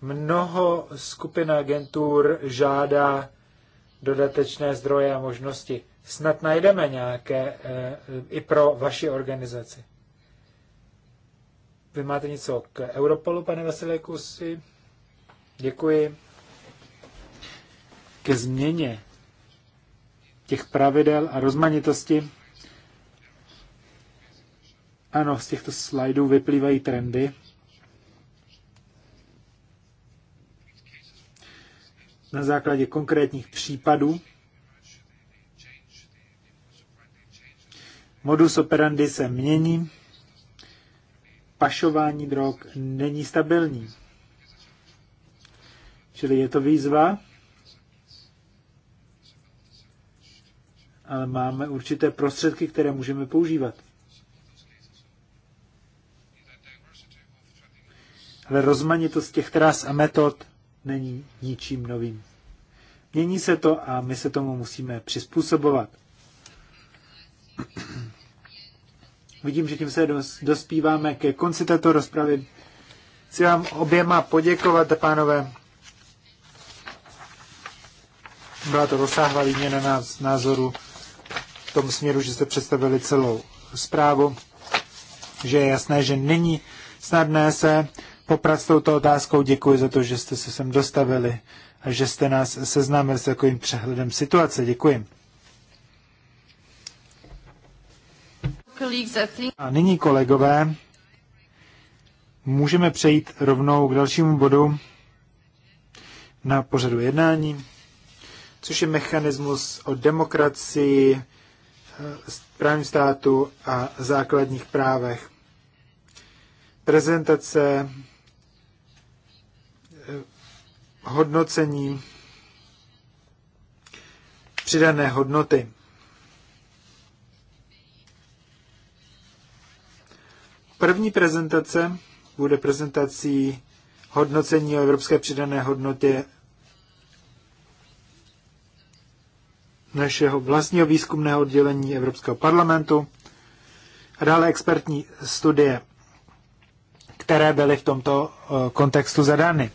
Speaker 2: Mnoho skupin agentur žádá dodatečné zdroje a možnosti. Snad najdeme nějaké e, i pro vaši organizaci. Vy máte něco k Europolu, pane Vasilikusi? Děkuji. Ke změně těch pravidel a rozmanitosti. Ano, z těchto slajdů vyplývají trendy. Na základě konkrétních případů modus operandi se mění pašování drog není stabilní. Čili je to výzva, ale máme určité prostředky, které můžeme používat. Ale rozmanitost těch tras a metod není ničím novým. Mění se to a my se tomu musíme přizpůsobovat. Vidím, že tím se dospíváme ke konci této rozpravy. Chci vám oběma poděkovat, pánové. Byla to rozsáhlá výměna názoru v tom směru, že jste představili celou zprávu, že je jasné, že není snadné se poprat s touto otázkou. Děkuji za to, že jste se sem dostavili a že jste nás seznámili s takovým přehledem situace. Děkuji. A nyní, kolegové, můžeme přejít rovnou k dalšímu bodu na pořadu jednání, což je mechanismus o demokracii, eh, právním státu a základních právech. Prezentace, eh, hodnocení přidané hodnoty. První prezentace bude prezentací hodnocení o evropské přidané hodnotě našeho vlastního výzkumného oddělení Evropského parlamentu a dále expertní studie, které byly v tomto eh, kontextu zadány.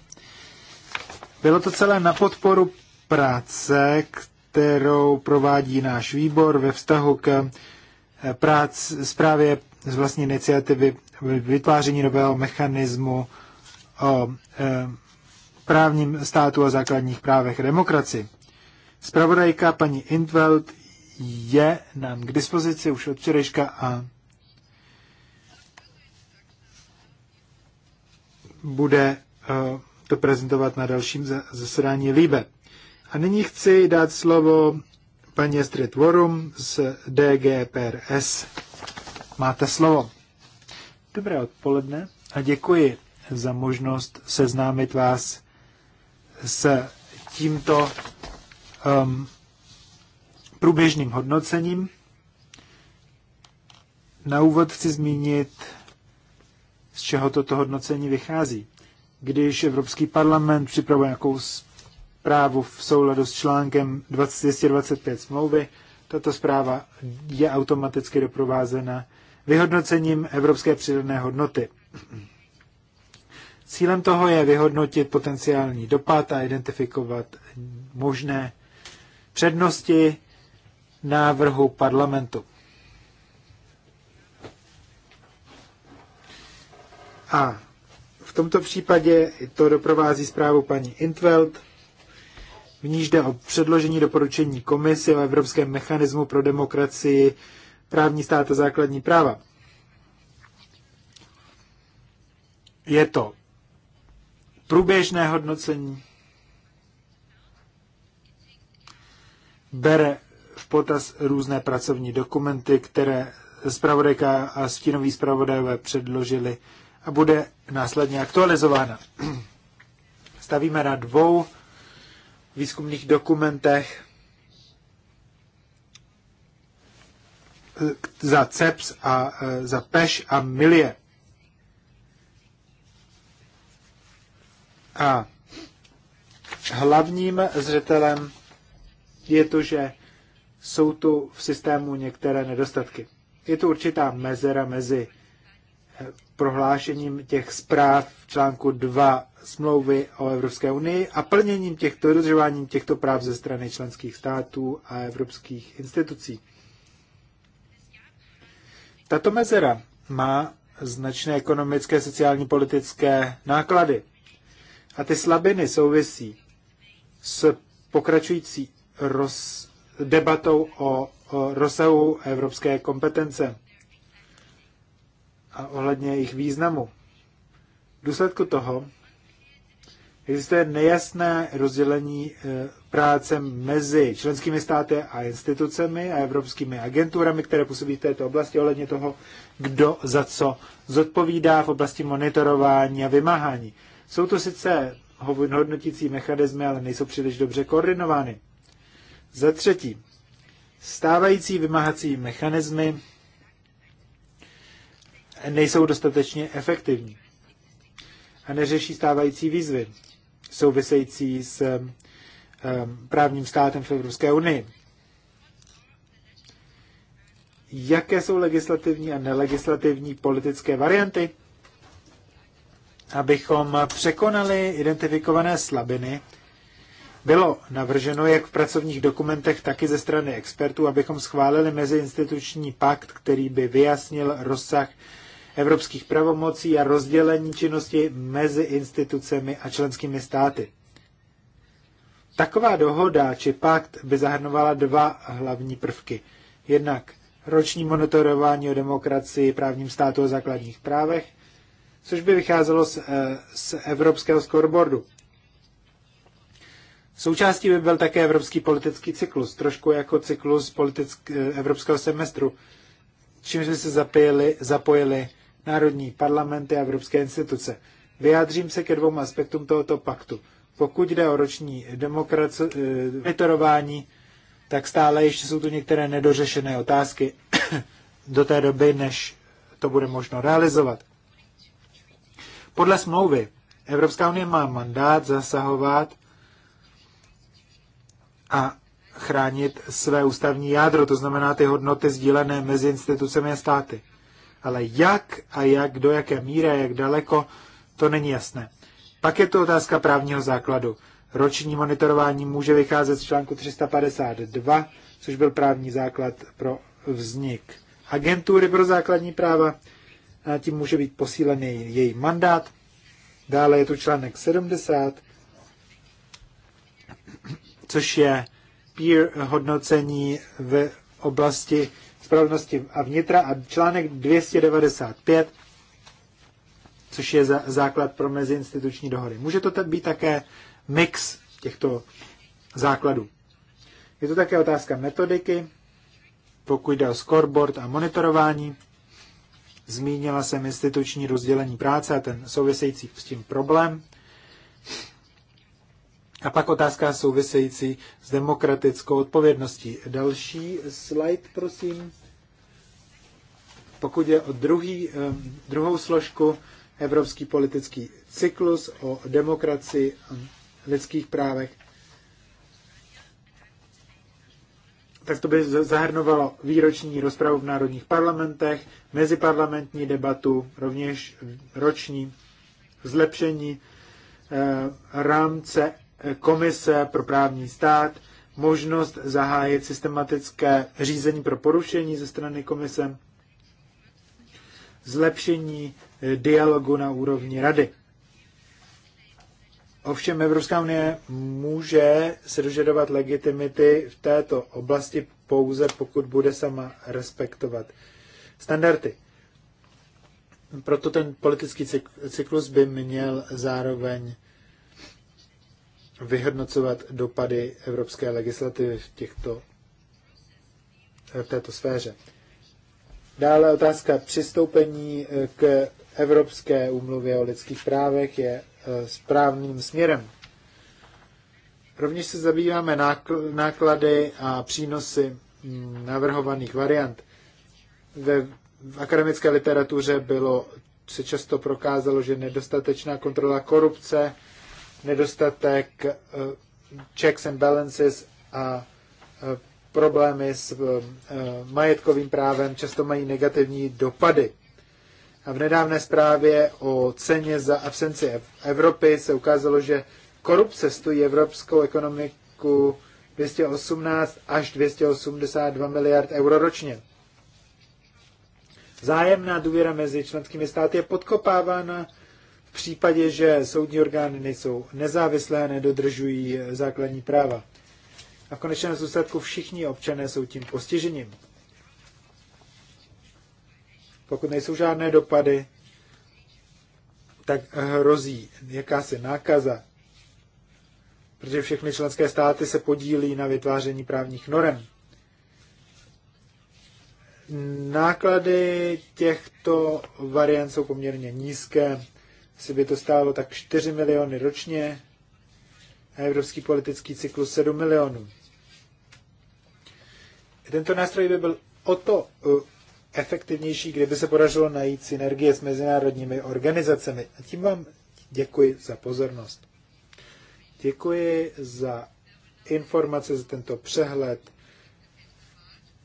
Speaker 2: Bylo to celé na podporu práce, kterou provádí náš výbor ve vztahu k eh, práci zprávě z vlastní iniciativy vytváření nového mechanismu o e, právním státu a základních právech demokracii. Spravodajka paní Intveld je nám k dispozici už od včerejška a bude e, to prezentovat na dalším zasedání Líbe. A nyní chci dát slovo paní Estrid Worum z DGPRS máte slovo. Dobré odpoledne a děkuji za možnost seznámit vás s tímto um, průběžným hodnocením. Na úvod chci zmínit, z čeho toto hodnocení vychází. Když Evropský parlament připravuje nějakou zprávu v souladu s článkem 2025 smlouvy, tato zpráva je automaticky doprovázena vyhodnocením evropské přidané hodnoty. Cílem toho je vyhodnotit potenciální dopad a identifikovat možné přednosti návrhu parlamentu. A v tomto případě to doprovází zprávu paní Intveld, v níž jde o předložení doporučení komisi o Evropském mechanismu pro demokracii právní stát a základní práva. Je to průběžné hodnocení, bere v potaz různé pracovní dokumenty, které zpravodajka a stínoví zpravodajové předložili a bude následně aktualizována. Stavíme na dvou výzkumných dokumentech za CEPS a e, za PEŠ a milie. A hlavním zřetelem je to, že jsou tu v systému některé nedostatky. Je tu určitá mezera mezi e, prohlášením těch zpráv v článku 2 smlouvy o Evropské unii a plněním těchto dodržováním těchto práv ze strany členských států a evropských institucí. Tato mezera má značné ekonomické, sociální, politické náklady. A ty slabiny souvisí s pokračující roz, debatou o, o rozsahu evropské kompetence a ohledně jejich významu. V důsledku toho Existuje nejasné rozdělení eh, práce mezi členskými státy a institucemi a evropskými agenturami, které působí v této oblasti ohledně toho, kdo za co zodpovídá v oblasti monitorování a vymáhání. Jsou to sice hodnotící mechanismy, ale nejsou příliš dobře koordinovány. Za třetí, stávající vymáhací mechanismy nejsou dostatečně efektivní a neřeší stávající výzvy související s eh, eh, právním státem v Evropské unii. Jaké jsou legislativní a nelegislativní politické varianty, abychom překonali identifikované slabiny, bylo navrženo jak v pracovních dokumentech, tak i ze strany expertů, abychom schválili meziinstituční pakt, který by vyjasnil rozsah evropských pravomocí a rozdělení činnosti mezi institucemi a členskými státy. Taková dohoda či pakt by zahrnovala dva hlavní prvky. Jednak roční monitorování o demokracii, právním státu a základních právech, což by vycházelo z, eh, z evropského scoreboardu. Součástí by byl také evropský politický cyklus, trošku jako cyklus politick, eh, evropského semestru, čímž by se zapojili, zapojili národní parlamenty a evropské instituce. Vyjádřím se ke dvou aspektům tohoto paktu. Pokud jde o roční demokraci- eh, monitorování, tak stále ještě jsou tu některé nedořešené otázky do té doby, než to bude možno realizovat. Podle smlouvy Evropská unie má mandát zasahovat a chránit své ústavní jádro, to znamená ty hodnoty sdílené mezi institucemi a státy ale jak a jak, do jaké míry, jak daleko, to není jasné. Pak je to otázka právního základu. Roční monitorování může vycházet z článku 352, což byl právní základ pro vznik agentury pro základní práva. A tím může být posílen její, její mandát. Dále je tu článek 70, což je peer hodnocení v oblasti spravedlnosti a vnitra a článek 295, což je základ pro meziinstituční dohody. Může to být také mix těchto základů. Je to také otázka metodiky, pokud jde o scoreboard a monitorování. Zmínila jsem instituční rozdělení práce a ten související s tím problém. A pak otázka související s demokratickou odpovědností. Další slide, prosím. Pokud je o druhý, eh, druhou složku, evropský politický cyklus o demokracii a lidských právech, tak to by zahrnovalo výroční rozpravu v národních parlamentech, meziparlamentní debatu, rovněž roční zlepšení eh, rámce komise pro právní stát, možnost zahájit systematické řízení pro porušení ze strany komise, zlepšení eh, dialogu na úrovni rady. Ovšem Evropská unie může se dožadovat legitimity v této oblasti pouze, pokud bude sama respektovat standardy. Proto ten politický cyklus by měl zároveň vyhodnocovat dopady evropské legislativy v, těchto, eh, v této sféře. Dále otázka přistoupení eh, k Evropské úmluvě o lidských právech je eh, správným směrem. Rovněž se zabýváme náklady a přínosy mm, navrhovaných variant. Ve v akademické literatuře bylo, se často prokázalo, že nedostatečná kontrola korupce nedostatek eh, checks and balances a eh, problémy s eh, majetkovým právem často mají negativní dopady. A v nedávné zprávě o ceně za absenci Evropy se ukázalo, že korupce stojí evropskou ekonomiku 218 až 282 miliard euro ročně. Zájemná důvěra mezi členskými státy je podkopávána případě, že soudní orgány nejsou nezávislé a nedodržují základní práva. A v konečném zůstatku všichni občané jsou tím postižením. Pokud nejsou žádné dopady, tak hrozí jakási nákaza, protože všechny členské státy se podílí na vytváření právních norem. Náklady těchto variant jsou poměrně nízké si by to stálo tak 4 miliony ročně a evropský politický cyklus 7 milionů. Tento nástroj by byl o to uh, efektivnější, kdyby se podařilo najít synergie s mezinárodními organizacemi. A tím vám děkuji za pozornost. Děkuji za informace, za tento přehled.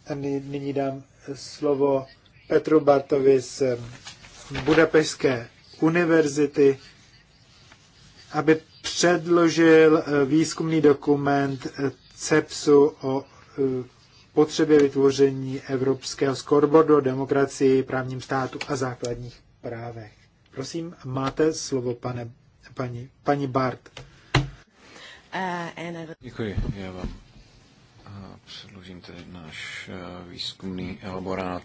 Speaker 2: A nyní dám slovo Petru Bartovi z Budapešské univerzity, aby předložil eh, výzkumný dokument eh, CEPSu o eh, potřebě vytvoření evropského skorbodu o demokracii, právním státu a základních právech. Prosím, máte slovo, pane, paní, paní Bart.
Speaker 1: Děkuji, já vám předložím tedy náš výzkumný elaborát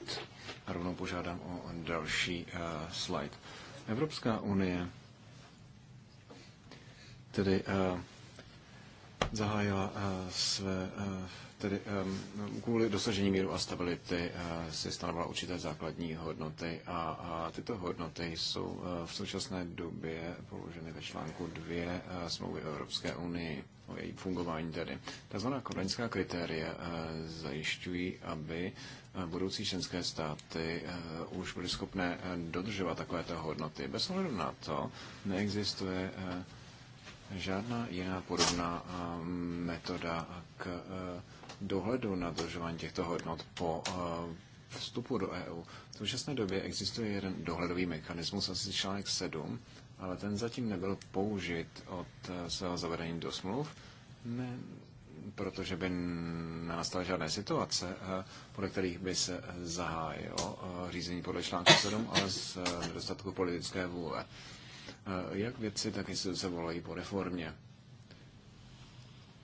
Speaker 1: a rovnou požádám o další slide. Evropská unie tedy uh, zahájila uh, své, uh, tedy um, kvůli dosažení míru a stability uh, si stanovala určité základní hodnoty a, a tyto hodnoty jsou uh, v současné době položeny ve článku dvě uh, smlouvy Evropské unii o její fungování tedy. Takzvaná kodaňská kritéria zajišťují, aby Eh, budoucí členské státy eh, už byly schopné eh, dodržovat takovéto hodnoty. Bez ohledu na to neexistuje žádná jiná podobná metoda k dohledu na dodržování těchto hodnot po vstupu do EU. V současné době existuje jeden dohledový mechanismus, asi článek 7, ale ten zatím nebyl použit od svého zavedení do smluv. Ne, protože by nenastaly žádné situace, eh, podle kterých by se zahájilo eh, řízení podle článku 7, ale z eh, nedostatku politické vůle. Jak věci, tak instituce volají po reformě.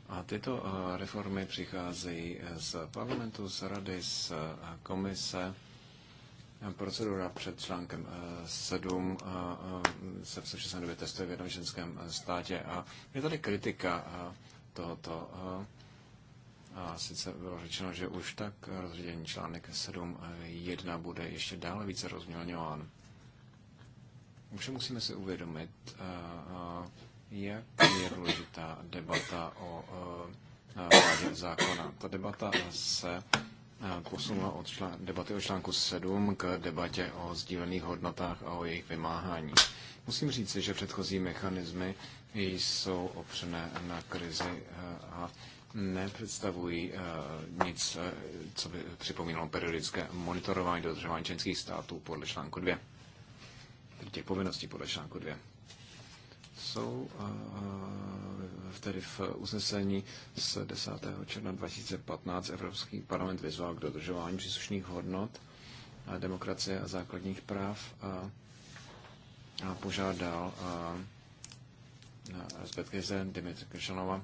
Speaker 1: A tyto reformy přicházejí z parlamentu, z rady, z komise. Procedura před článkem 7 se v současné době testuje v jednom ženském státě a je tady kritika tohoto a sice bylo řečeno, že už tak rozředěný článek 7.1 bude ještě dále více rozmělňován. Už musíme si uvědomit, eh, eh, jak je důležitá debata o eh, vládě zákona. Ta debata se posunula od člán, debaty o článku 7 k debatě o sdílených hodnotách a o jejich vymáhání. Musím říct, že předchozí mechanismy jsou opřené na krizi a nepředstavují eh, nic, eh, co by připomínalo periodické monitorování dodržování členských států podle článku 2. Tedy těch povinností podle článku 2 jsou eh, tedy v usnesení z 10. června 2015 Evropský parlament vyzval k dodržování příslušných hodnot a demokracie a základních práv a, a požádal Rozbetkezen Dimitra Kršanova,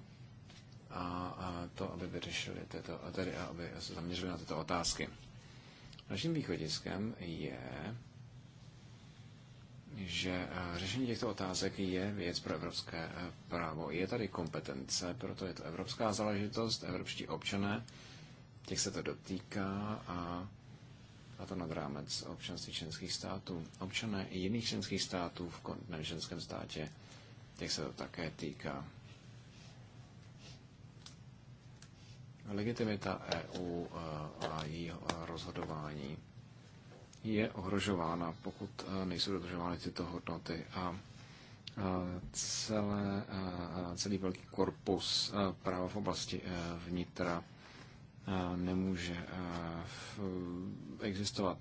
Speaker 1: a, a to, aby vyřešili tyto, a tedy aby se zaměřili na tyto otázky. Naším východiskem je, že řešení těchto otázek je věc pro evropské právo. Je tady kompetence, proto je to evropská záležitost, evropští občané, těch se to dotýká a, a to nad rámec občanství členských států. Občané i jiných členských států v kontinentálním státě, těch se to také týká. legitimita EU eh, a její eh, rozhodování je ohrožována, pokud eh, nejsou dodržovány tyto hodnoty. A celé, celý velký korpus práva v oblasti vnitra nemůže existovat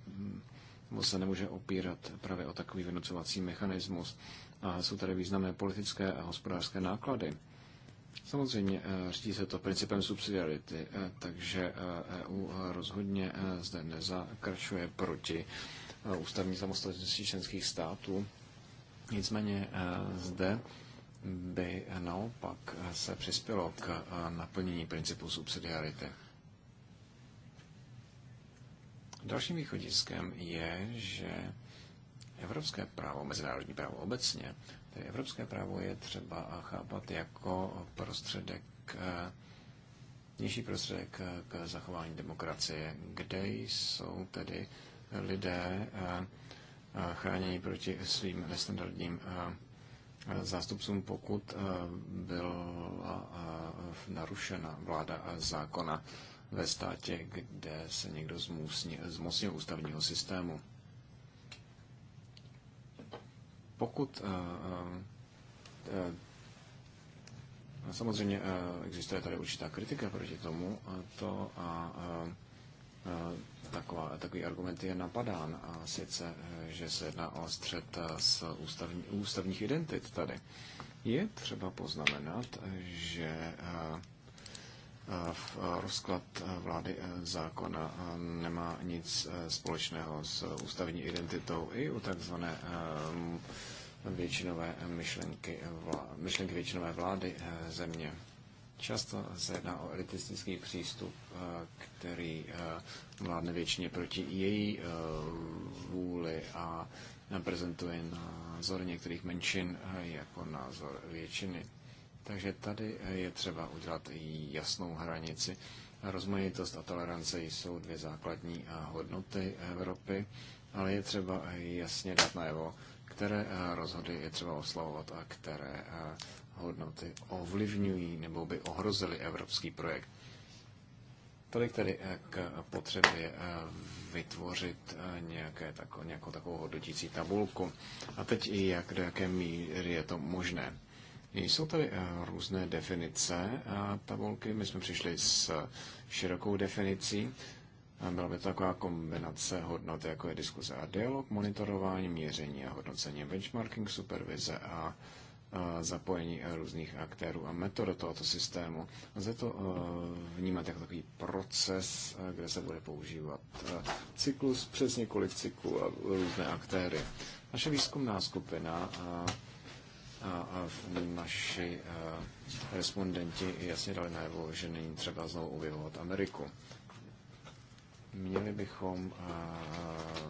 Speaker 1: nebo se nemůže opírat právě o takový vynucovací mechanismus. A jsou tady významné politické a hospodářské náklady Samozřejmě eh, řídí se to principem subsidiarity, eh, takže EU eh, e rozhodně zde nezakračuje proti ústavní samostatnosti členských států. Nicméně zde by naopak se přispělo k naplnění principu subsidiarity. Dalším východiskem je, že evropské právo, mezinárodní právo obecně, Tedy evropské právo je třeba chápat jako prostředek nižší prostředek k zachování demokracie, kde jsou tedy lidé eh, eh, chráněni proti svým nestandardním eh, zástupcům, pokud byla narušena vláda zákona ve státě, kde se někdo zmocnil ústavního systému pokud eh, eh, eh, samozřejmě existuje tady určitá kritika proti tomu, to a taková, takový argument je napadán, a sice, že se jedná o střed z ústavní, ústavních identit tady. Je třeba poznamenat, že v rozklad e, vlády e, zákona e, nemá nic společného s ústavní identitou i u takzvané většinové myšlenky, vlá, myšlenky většinové vlády země. Často se jedná o elitistický přístup, který vládne většině proti její vůli a prezentuje názor některých menšin jako názor většiny. Takže tady je třeba udělat jasnou hranici. Rozmanitost a tolerance jsou dvě základní hodnoty Evropy, ale je třeba jasně dát najevo, které rozhody je třeba oslavovat a které hodnoty ovlivňují nebo by ohrozily evropský projekt. Tolik tedy k potřebě vytvořit nějaké tako, nějakou takovou hodnotící tabulku. A teď i jak, do jaké míry je to možné. Jsou tady eh, různé definice eh, tabulky. My jsme přišli s eh, širokou definicí. Byla by to taková kombinace hodnot, jako je diskuze a dialog, monitorování, měření a hodnocení, benchmarking, supervize a zapojení různých aktérů a metod do tohoto systému. Lze to vnímat jako takový proces, kde se bude používat cyklus přes několik cyklů a různé aktéry. Naše výzkumná skupina a naši respondenti jasně dali najevo, že není třeba znovu objevovat Ameriku. Měli bychom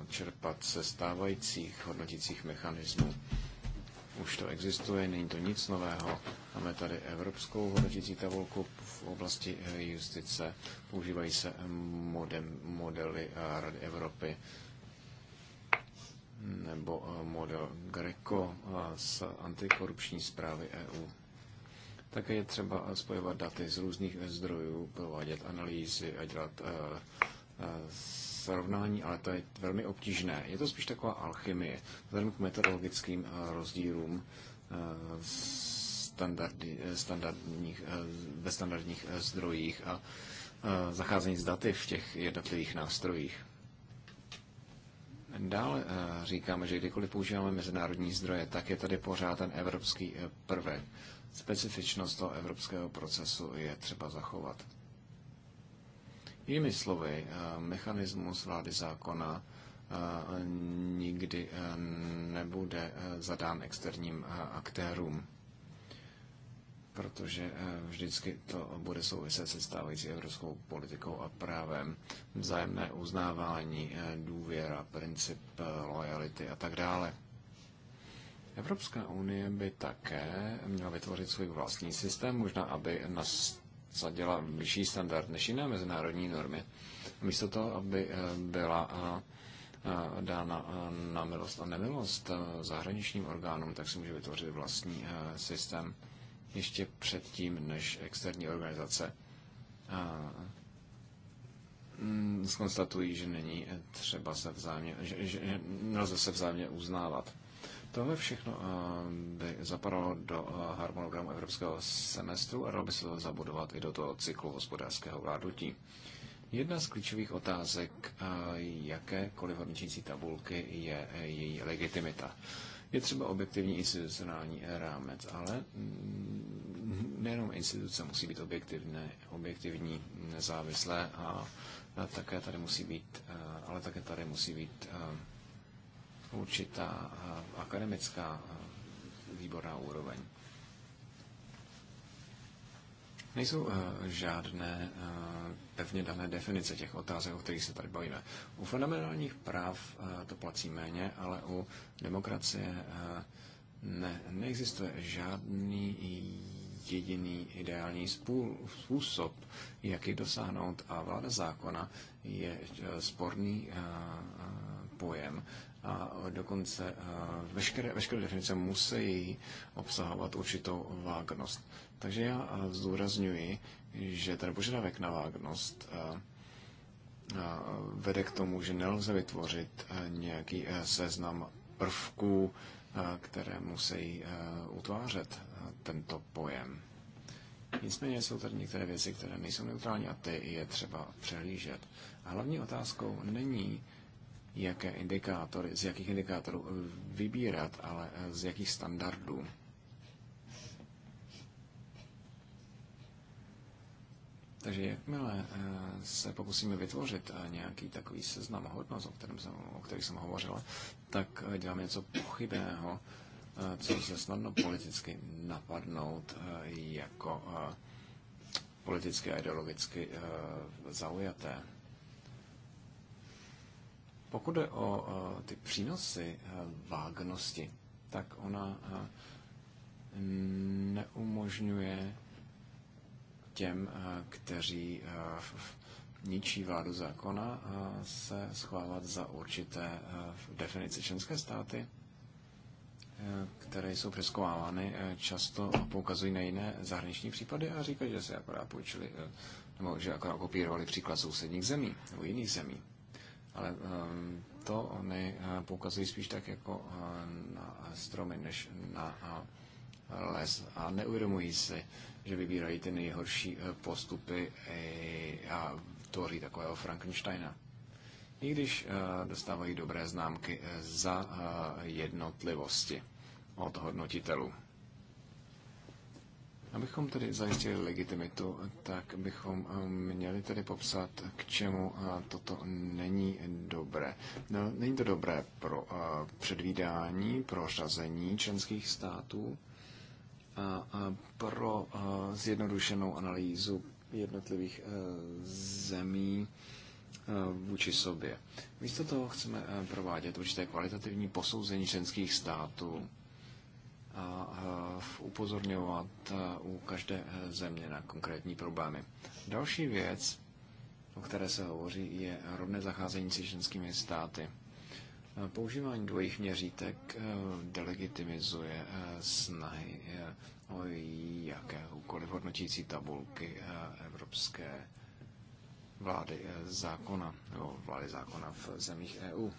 Speaker 1: čerpat se stávajících hodnotících mechanismů. Už to existuje, není to nic nového. Máme tady evropskou hodnotící tabulku v oblasti e, justice. Používají se modem, modely Rady Evropy nebo eh, model Greco eh, z antikorupční zprávy EU. Také je třeba spojovat daty z různých zdrojů, provádět analýzy a dělat eh, srovnání, ale to je velmi obtížné. Je to spíš taková alchymie, vzhledem k meteorologickým rozdílům standardních, ve standardních zdrojích a zacházení s daty v těch jednotlivých nástrojích. Dále eh, říkáme, že kdykoliv používáme mezinárodní zdroje, tak je tady pořád ten evropský eh, prvek. Specifičnost toho evropského procesu je třeba zachovat. Jinými slovy, eh, mechanismus vlády zákona nikdy nebude zadán externím aktérům protože eh, vždycky to bude souviset se stávající evropskou politikou a právem, vzájemné uznávání, eh, důvěra, princip eh, lojality a tak dále. Evropská unie by také měla vytvořit svůj vlastní systém, možná aby nasadila vyšší standard než jiné mezinárodní normy. Místo toho, aby byla dána na milost a nemilost zahraničním orgánům, tak si může vytvořit vlastní systém ještě předtím, než externí organizace skonstatují, mm, že není třeba se vzájemně, že, že nelze se vzájemně uznávat. Tohle všechno by zapadalo do harmonogramu evropského semestru a dalo by se to zabudovat i do toho cyklu hospodářského vládnutí. Jedna z klíčových otázek jakékoliv hodnotící tabulky je její legitimita. Je třeba objektivní institucionální rámec, ale mm, nejenom instituce musí být objektivné, objektivní, nezávislé a také tady musí být, ale také tady musí být určitá akademická výborná úroveň. Nejsou eh, žádné eh, pevně dané definice těch otázek, o kterých se tady bavíme. U fundamentálních práv eh, to platí méně, ale u demokracie ne, neexistuje žádný jediný ideální způsob, jak ji dosáhnout. A vláda zákona je sporný pojem, a dokonce veškeré, veškeré definice musí obsahovat určitou vágnost. Takže já zdůrazňuji, že ten požadavek na vágnost vede k tomu, že nelze vytvořit nějaký e, seznam prvků, které musí e, utvářet tento pojem. Nicméně jsou tady některé věci, které nejsou neutrální a ty je třeba přehlížet. A hlavní otázkou není, jaké indikátory, z jakých indikátorů eh, vybírat, ale eh, z jakých standardů. Takže jakmile eh, se pokusíme vytvořit nějaký takový seznam hodnot, o, kterém jsem, o kterých jsem hovořila, tak děláme něco pochybného, co se snadno politicky napadnout jako politicky a ideologicky zaujaté. Pokud jde o eh, ty přínosy eh, vágnosti, tak ona eh, neumožňuje těm, kteří ničí vládu zákona, se schovávat za určité definice členské státy, které jsou přeskovávány, často poukazují na jiné zahraniční případy a říkají, že se akorát půjčili, nebo že akorát kopírovali příklad sousedních zemí nebo jiných zemí ale eh, to oni eh, poukazují spíš tak jako eh, na stromy, než na les a neuvědomují si, že vybírají ty nejhorší postupy a tvoří takového Frankensteina. I když dostávají dobré známky za jednotlivosti od hodnotitelů. Abychom tedy zajistili legitimitu, tak bychom eh, měli tedy popsat, k čemu eh, toto není dobré. No, není to dobré pro eh, předvídání, pro řazení členských států a pro zjednodušenou analýzu jednotlivých zemí vůči sobě. Místo toho chceme provádět určité kvalitativní posouzení členských států a upozorňovat u každé e, země na konkrétní problémy. Další věc, o které se hovoří, je rovné zacházení s ženskými státy. E, používání dvojích měřítek e, delegitimizuje snahy o jakéhokoliv hodnotící tabulky evropské vlády zákona, nebo vlády zákona v zemích EU.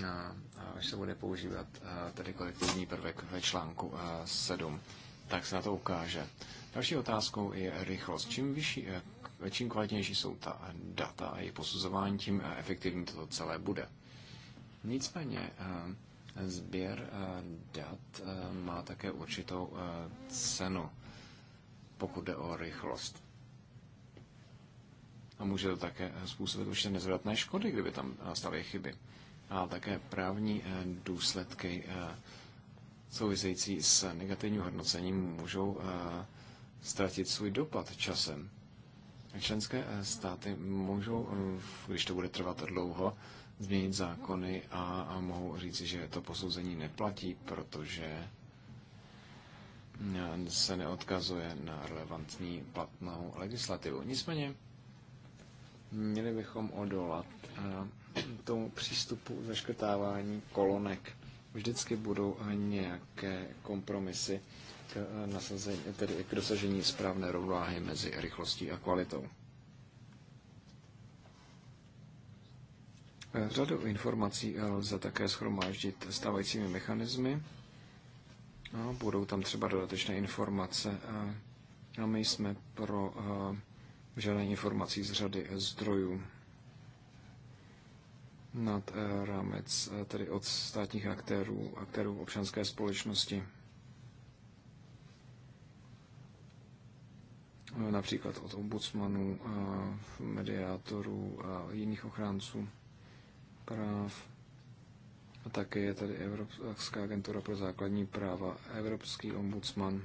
Speaker 1: No, až se bude používat tedy kolektivní prvek ve článku 7, tak se na to ukáže. Další otázkou je rychlost. Čím vyšší, e, čím kvalitnější jsou ta data a jejich posuzování, tím e, efektivní toto celé bude. Nicméně e, sběr dat má také určitou cenu, pokud jde o rychlost. A může to také způsobit určitě nezvratné škody, kdyby tam nastaly chyby ale také právní eh, důsledky eh, související s negativním hodnocením můžou eh, ztratit svůj dopad časem. Členské státy můžou, když to bude trvat dlouho, změnit zákony a, a mohou říci, že to posouzení neplatí, protože se neodkazuje na relevantní platnou legislativu. Nicméně měli bychom odolat tomu přístupu zaškrtávání kolonek. Vždycky budou nějaké kompromisy k, eh, nasazení, tedy k dosažení správné rovnováhy mezi rychlostí a kvalitou. Eh, řadu informací eh, lze také schromáždit stávajícími mechanismy. No, budou tam třeba dodatečné informace a my jsme pro žádné informací z řady zdrojů nad eh, rámec eh, tedy od státních aktérů, aktérů občanské společnosti. Eh, například od ombudsmanů, mediátorů a jiných ochránců práv. A také je tady Evropská agentura pro základní práva, Evropský ombudsman,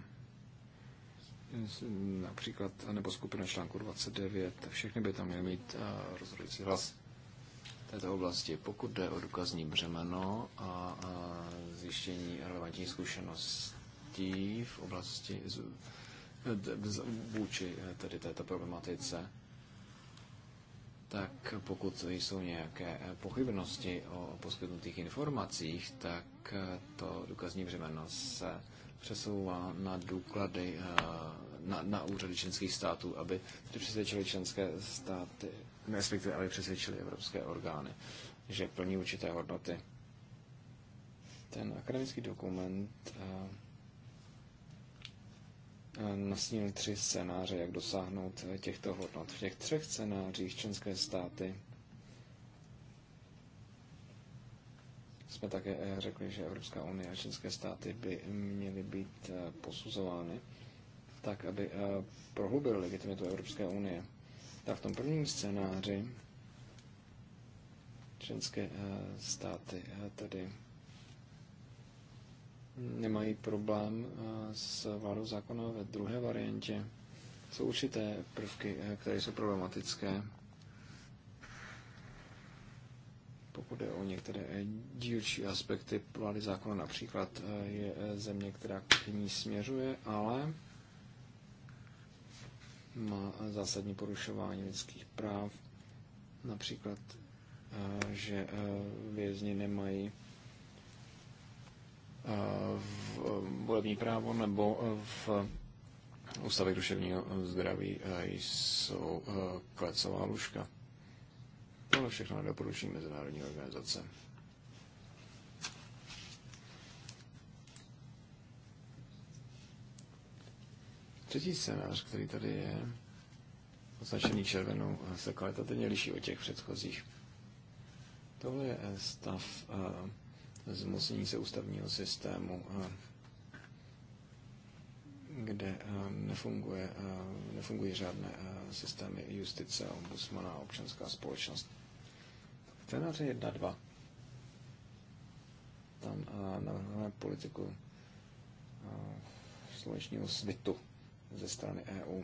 Speaker 1: například, nebo skupina článku 29. Všechny by tam měly mít rozhodující hlas. Vlastně této oblasti. Pokud jde o důkazní břemeno a, a zjištění relevantních zkušeností v oblasti z, vůči eh, tedy této problematice, tak pokud jsou nějaké eh, pochybnosti o poskytnutých informacích, tak eh, to důkazní břemeno se přesouvá na důklady na, na úřady členských států, aby přesvědčili členské státy respektive aby přesvědčili evropské orgány, že plní určité hodnoty. Ten akademický dokument eh, eh, nasnil tři scénáře, jak dosáhnout eh, těchto hodnot. V těch třech scénářích členské státy jsme také řekli, že Evropská unie a členské státy by měly být posuzovány tak, aby prohlubil legitimitu Evropské unie. Tak v tom prvním scénáři členské eh, státy eh, tady nemají problém eh, s vládou zákona ve druhé variantě. Jsou určité prvky, které jsou problematické. Pokud je o některé dílčí aspekty vlády zákona, například je země, která k ní směřuje, ale má zásadní porušování lidských práv, například, eh, že eh, vězni nemají eh, volební právo nebo v ústavě duševního zdraví jsou klecová lůžka. Tohle všechno nedoporučí mezinárodní organizace. Třetí scénář, který tady je, označený červenou, se kvalitativně liší od těch předchozích. Tohle je eh, stav eh, zmocnění se ústavního systému, eh, kde nefunguje, nefungují žádné systémy justice, ombudsmana a občanská společnost. Scénáře 1 2. Tam navrhujeme politiku slunečního svitu ze strany EU,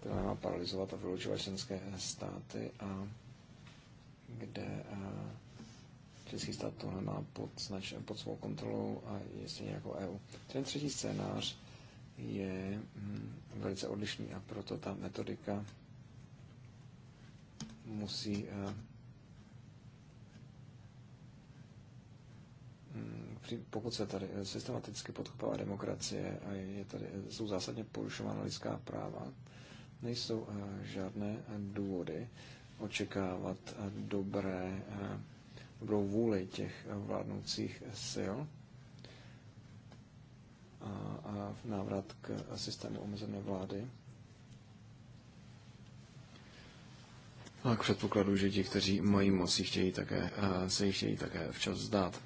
Speaker 1: která má paralizovat a vylučovat členské státy a kde eh, český stát to nemá pod, znač, pod svou kontrolou a je stejně jako EU. Ten třetí scénář je hm, velice odlišný a proto ta metodika musí eh, pokud se tady eh, systematicky podkopává demokracie a je tady, eh, jsou zásadně porušována lidská práva, nejsou eh, žádné důvody očekávat dobré, dobrou vůli těch vládnoucích sil a, a návrat k systému omezené vlády. A k předpokladu, že ti, kteří mají moc, chtějí také, se jich chtějí také včas zdát.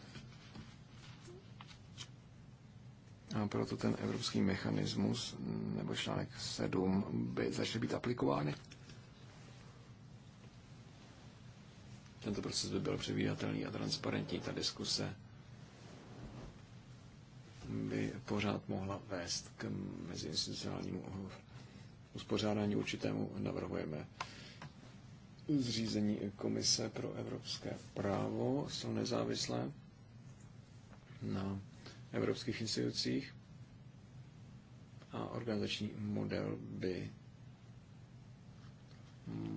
Speaker 1: A proto ten evropský mechanismus nebo článek 7 by začal být aplikovány. Tento proces by byl předvídatelný a transparentní. Ta diskuse by pořád mohla vést k meziinstitucionálnímu uspořádání určitému. Navrhujeme zřízení komise pro evropské právo, jsou nezávislé na evropských institucích a organizační model by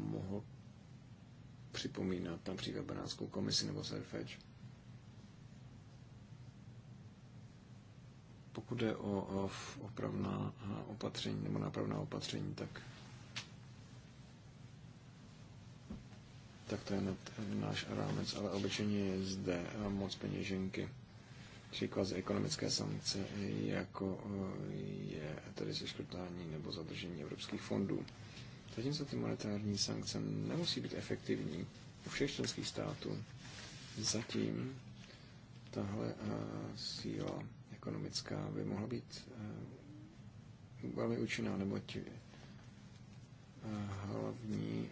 Speaker 1: mohl připomínat například Banánskou komisi nebo Serfeč. Pokud jde o, o opravná opatření nebo nápravná opatření, tak tak to je náš rámec, ale obyčejně je zde moc peněženky či kvazi ekonomické sankce, jako eh, je tedy seškrtání nebo zadržení evropských fondů. Zatímco ty monetární sankce nemusí být efektivní u všech členských států, zatím tahle eh, síla ekonomická by mohla být eh, velmi účinná, neboť hlavní,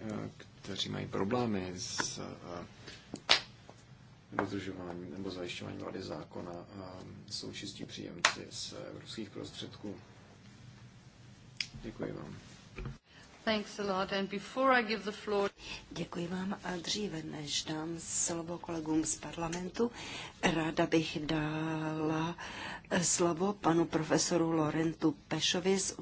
Speaker 1: kteří mají problémy s dodržování nebo zajišťování vlády zákona jsou čistí příjemci z evropských prostředků. Děkuji vám.
Speaker 3: Thanks a lot. And before I give the floor... Děkuji vám a dříve než dám slovo kolegům z parlamentu, ráda bych dala eh, slovo panu profesoru Lorentu Pešovi z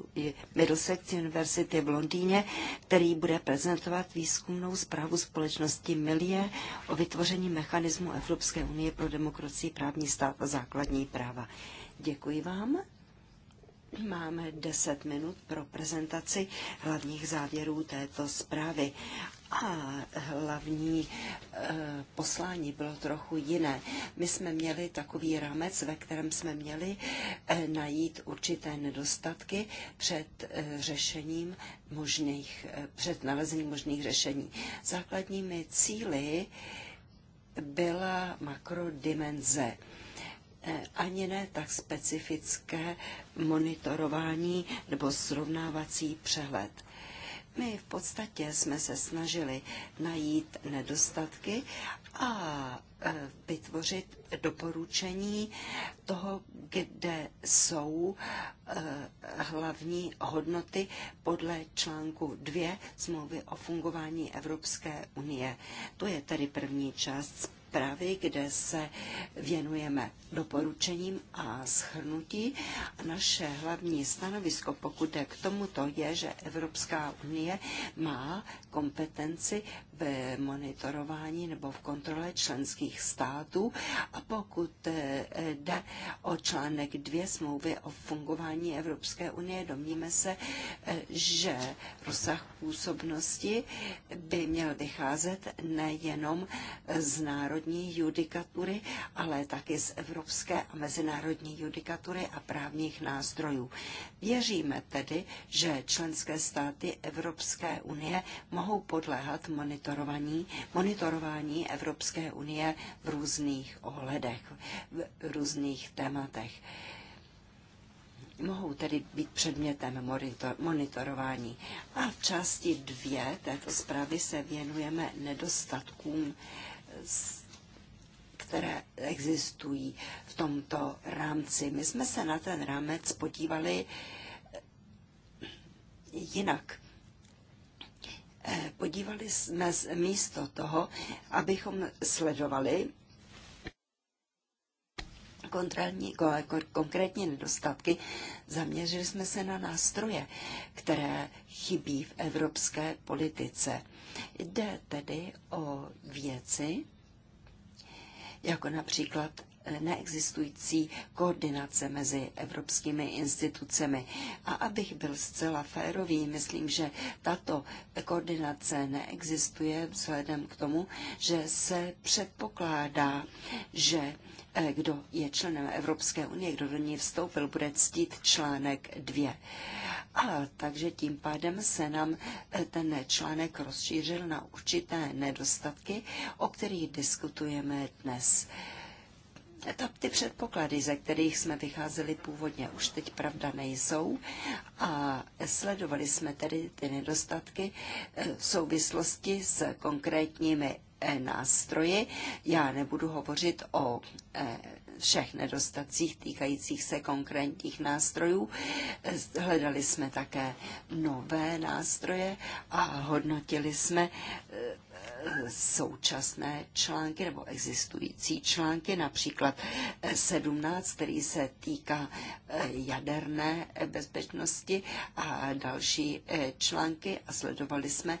Speaker 3: Middlesex University v Londýně, který bude prezentovat výzkumnou zprávu společnosti Milie o vytvoření mechanismu Evropské unie pro demokracii, právní stát a základní práva. Děkuji vám. Máme 10 minut pro prezentaci hlavních závěrů této zprávy. A hlavní e, poslání bylo trochu jiné. My jsme měli takový rámec, ve kterém jsme měli e, najít určité nedostatky před e, řešením možných, e, před nalezením možných řešení. Základními cíly byla makrodimenze. E, Eh, ani ne tak specifické monitorování nebo srovnávací přehled. My v podstatě jsme se snažili najít nedostatky a eh, vytvořit doporučení toho, kde jsou eh, hlavní hodnoty podle článku 2 smlouvy o fungování Evropské unie. To je tedy první část zprávy, kde se věnujeme doporučením a schrnutí. A naše hlavní stanovisko, pokud je k tomuto, je, že Evropská unie má kompetenci v monitorování nebo v kontrole členských států a pokud eh, jde o článek dvě smlouvy o fungování Evropské unie, domníme se, eh, že rozsah působnosti by měl vycházet nejenom z národní judikatury, ale taky z evropské a mezinárodní judikatury a právních nástrojů. Věříme tedy, že členské státy Evropské unie mohou podléhat monitorování monitorování, monitorování Evropské unie v různých ohledech, v různých tématech. Mohou tedy být předmětem monitor, monitorování. A v části dvě této zprávy se věnujeme nedostatkům které existují v tomto rámci. My jsme se na ten rámec podívali jinak podívali jsme místo toho, abychom sledovali kontrolní, konkrétní nedostatky, zaměřili jsme se na nástroje, které chybí v evropské politice. Jde tedy o věci, jako například neexistující koordinace mezi evropskými institucemi. A abych byl zcela férový, myslím, že tato koordinace neexistuje vzhledem k tomu, že se předpokládá, že eh, kdo je členem Evropské unie, kdo do ní vstoupil, bude ctít článek 2. A takže tím pádem se nám eh, ten článek rozšířil na určité nedostatky, o kterých diskutujeme dnes to, ty předpoklady, ze kterých jsme vycházeli původně, už teď pravda nejsou a sledovali jsme tedy ty nedostatky eh, v souvislosti s konkrétními eh, nástroji. Já nebudu hovořit o eh, všech nedostacích týkajících se konkrétních nástrojů. Hledali jsme také nové nástroje a hodnotili jsme současné články nebo existující články, například 17, který se týká eh, jaderné bezpečnosti a další eh, články a sledovali jsme,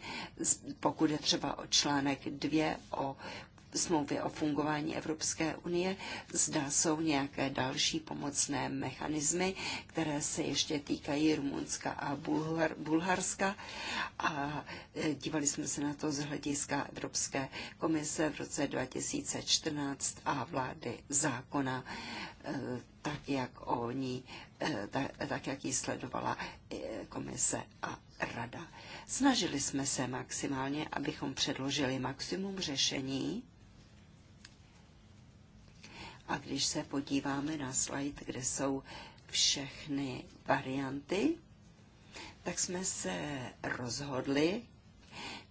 Speaker 3: pokud je třeba o článek 2 o smlouvě o fungování Evropské unie, zda jsou nějaké další pomocné mechanismy, které se ještě týkají Rumunska a Bulhar, Bulharska. A e, dívali jsme se na to z hlediska Evropské komise v roce 2014 a vlády zákona, e, tak jak oni, e, tak, tak jak ji sledovala komise a rada. Snažili jsme se maximálně, abychom předložili maximum řešení, a když se podíváme na slide, kde jsou všechny varianty, tak jsme se rozhodli,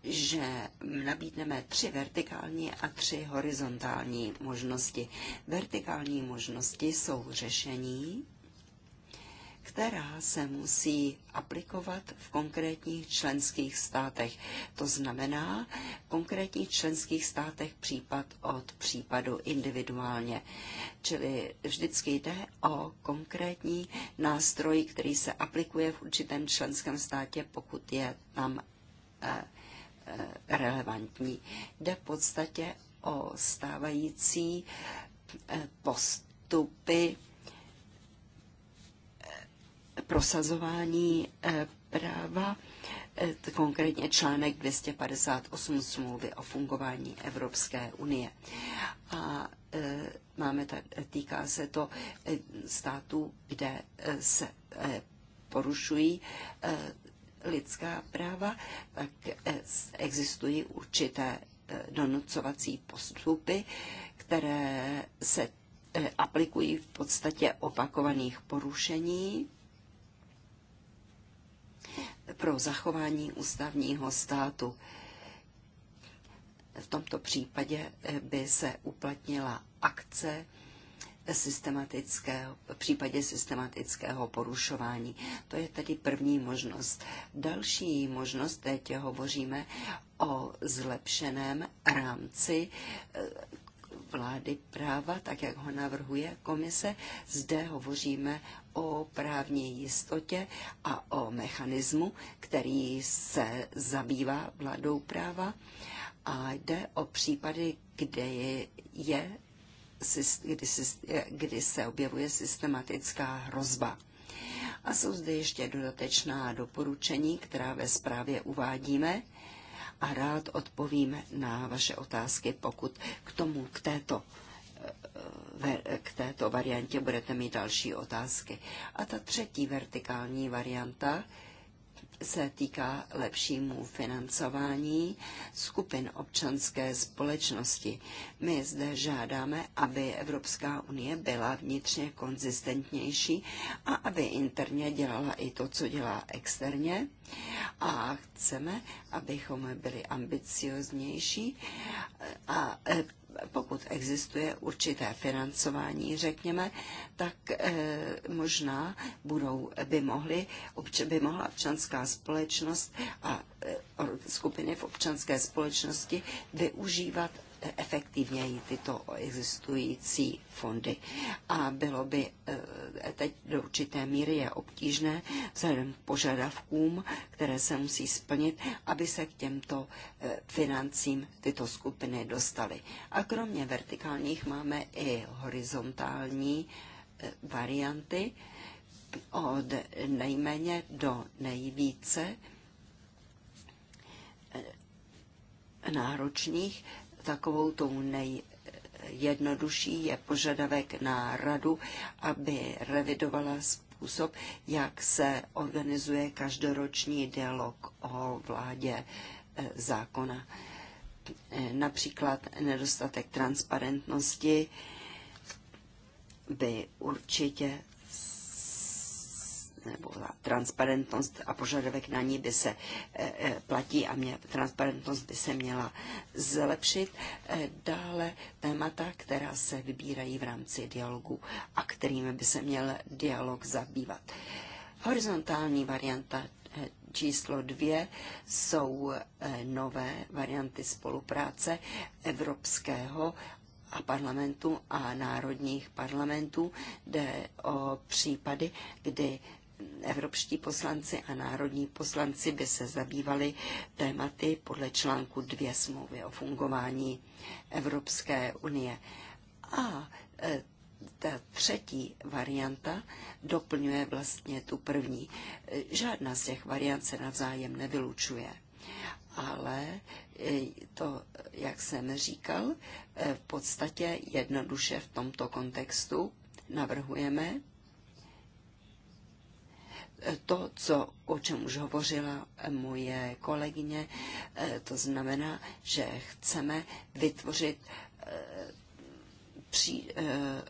Speaker 3: že nabídneme tři vertikální a tři horizontální možnosti. Vertikální možnosti jsou řešení, která se musí aplikovat v konkrétních členských státech. To znamená v konkrétních členských státech případ od případu individuálně. Čili vždycky jde o konkrétní nástroj, který se aplikuje v určitém členském státě, pokud je tam eh, eh, relevantní. Jde v podstatě o stávající eh, postupy prosazování eh, práva, eh, konkrétně článek 258 smlouvy o fungování Evropské unie. A eh, máme tady, týká se to států, kde se porušují lidská práva, tak existují určité donucovací postupy, které se aplikují v podstatě opakovaných porušení pro zachování ústavního státu. V tomto případě eh, by se uplatnila akce systematického, v případě systematického porušování. To je tedy první možnost. Další možnost, teď hovoříme o zlepšeném rámci eh, vlády práva, tak jak ho navrhuje komise. Zde hovoříme o právní jistotě a o mechanismu, který se zabývá vládou práva a jde o případy, kde je, je kdy, kdy se objevuje systematická hrozba. A jsou zde ještě dodatečná doporučení, která ve zprávě uvádíme a rád odpovím na vaše otázky, pokud k tomu, k této Eh, k této variantě budete mít další otázky. A ta třetí vertikální varianta se týká lepšímu financování skupin občanské společnosti. My zde žádáme, aby Evropská unie byla vnitřně konzistentnější a aby interně dělala i to, co dělá externě. A chceme, abychom byli ambicioznější a eh, pokud existuje určité financování, řekněme, tak eh, možná budou, by, mohly, by mohla občanská společnost a eh, skupiny v občanské společnosti využívat efektivněji tyto existující fondy. A bylo by eh, teď do určité míry je obtížné vzhledem k požadavkům, které se musí splnit, aby se k těmto eh, financím tyto skupiny dostaly. A kromě vertikálních máme i horizontální eh, varianty od nejméně do nejvíce náročných takovou tou nejjednodušší je požadavek na radu, aby revidovala způsob, jak se organizuje každoroční dialog o vládě e, zákona. E, například nedostatek transparentnosti by určitě nebo ta transparentnost a požadavek na ní by se eh, eh, platí a mě, transparentnost by se měla zlepšit. Eh, dále témata, která se vybírají v rámci dialogu a kterými by se měl dialog zabývat. Horizontální varianta číslo dvě jsou nové varianty spolupráce evropského a parlamentu a národních parlamentů. Jde o případy, kdy evropští poslanci a národní poslanci by se zabývali tématy podle článku 2 smlouvy o fungování Evropské unie. A e, ta třetí varianta doplňuje vlastně tu první. Žádná z těch variant se navzájem nevylučuje. Ale e, to, jak jsem říkal, e, v podstatě jednoduše v tomto kontextu navrhujeme to, co, o čem už hovořila moje kolegyně, eh, to znamená, že chceme vytvořit eh, při, eh,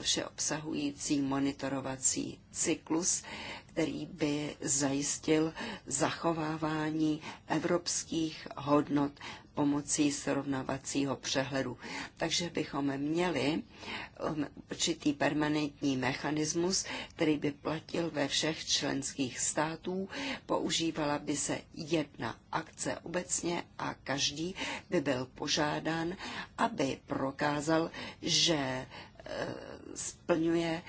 Speaker 3: všeobsahující monitorovací cyklus, který by zajistil zachovávání evropských hodnot pomocí srovnavacího přehledu. Takže bychom měli um, určitý permanentní mechanismus, který by platil ve všech členských států. Používala by se jedna akce obecně a každý by byl požádán, aby prokázal, že eh, splňuje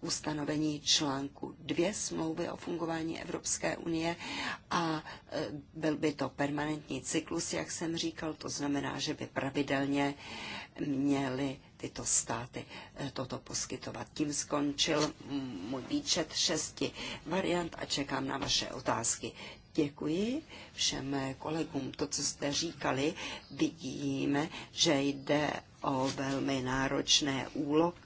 Speaker 3: ustanovení článku 2 smlouvy o fungování Evropské unie a e, byl by to permanentní cyklus, jak jsem říkal, to znamená, že by pravidelně měly tyto státy e, toto poskytovat. Tím skončil můj výčet šesti variant a čekám na vaše otázky. Děkuji všem kolegům. To, co jste říkali, vidíme, že jde o velmi náročné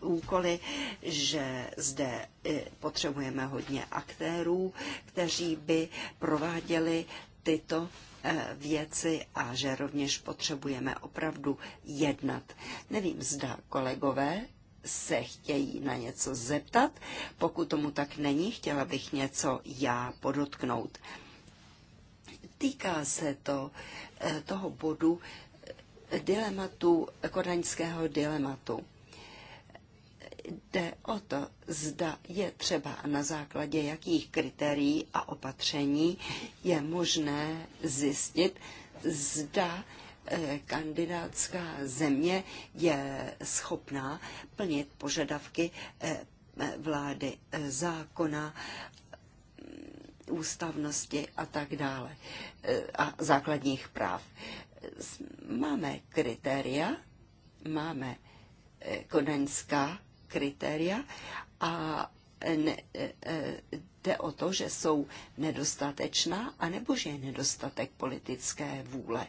Speaker 3: úkoly, že zde eh, potřebujeme hodně aktérů, kteří by prováděli tyto eh, věci a že rovněž potřebujeme opravdu jednat. Nevím, zda kolegové se chtějí na něco zeptat. Pokud tomu tak není, chtěla bych něco já podotknout. Týká se to eh, toho bodu dilematu, kodaňského dilematu. Jde o to, zda je třeba na základě jakých kritérií a opatření je možné zjistit, zda eh, kandidátská země je schopná plnit požadavky eh, vlády eh, zákona, mm, ústavnosti a tak dále a základních práv máme kritéria, máme eh, kodenská kritéria a eh, ne, eh, jde o to, že jsou nedostatečná a nebo že je nedostatek politické vůle.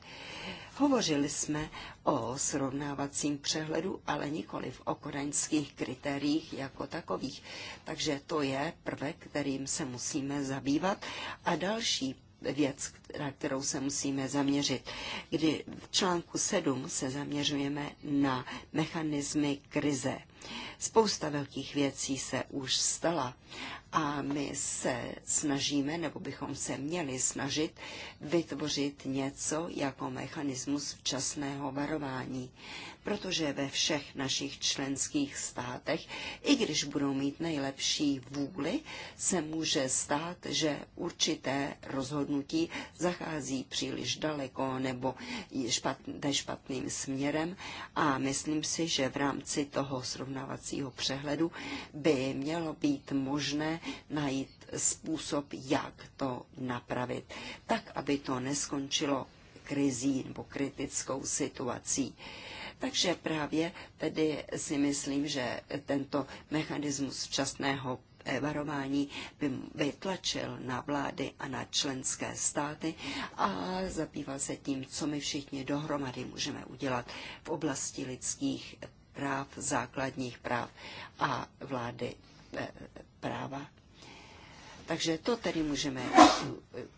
Speaker 3: Hovořili jsme o srovnávacím přehledu, ale nikoli v okoreňských kritériích jako takových. Takže to je prvek, kterým se musíme zabývat. A další věc, na kterou se musíme zaměřit. Kdy v článku 7 se zaměřujeme na mechanismy krize. Spousta velkých věcí se už stala a my se snažíme, nebo bychom se měli snažit, vytvořit něco jako mechanismus včasného varování. Protože ve všech našich členských státech, i když budou mít nejlepší vůli, se může stát, že určité rozhodnutí zachází příliš daleko nebo špatný, špatným směrem a myslím si, že v rámci toho srovnávacího přehledu by mělo být možné najít způsob, jak to napravit, tak, aby to neskončilo krizí nebo kritickou situací. Takže právě tedy si myslím, že tento mechanismus včasného varování by vytlačil na vlády a na členské státy a zabýval se tím, co my všichni dohromady můžeme udělat v oblasti lidských práv, základních práv a vlády práva. Takže to tedy můžeme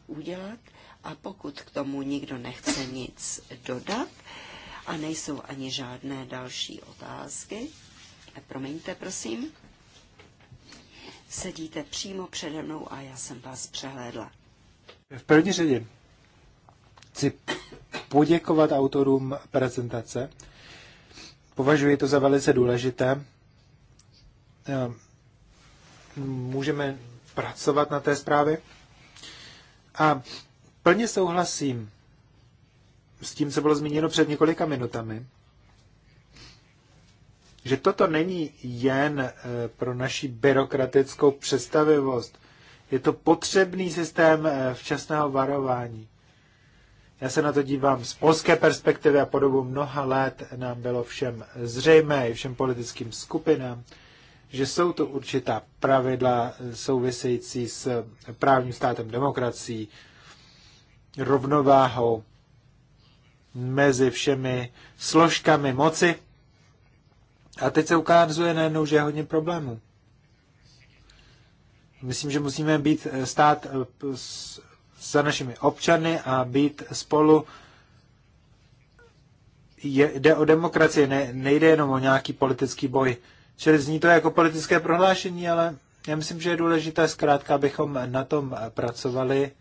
Speaker 3: udělat a pokud k tomu nikdo nechce nic dodat a nejsou ani žádné další otázky, eh, promiňte prosím, sedíte přímo přede mnou a já jsem vás přehlédla.
Speaker 2: V první řadě chci poděkovat autorům prezentace. Považuji to za velice důležité. Eh, můžeme pracovat na té zprávě. A plně souhlasím s tím, co bylo zmíněno před několika minutami, že toto není jen eh, pro naši byrokratickou představivost. Je to potřebný systém eh, včasného varování. Já se na to dívám z polské perspektivy a po dobu mnoha let nám bylo všem zřejmé i všem politickým skupinám, že jsou to určitá pravidla související s právním státem demokracií, rovnováhou mezi všemi složkami moci. A teď se ukazuje najednou, že je hodně problémů. Myslím, že musíme být eh, stát eh, za našimi občany a být spolu. Je, jde o demokracii, ne, nejde jenom o nějaký politický boj. Čili zní to jako politické prohlášení, ale já myslím, že je důležité zkrátka, abychom na tom pracovali,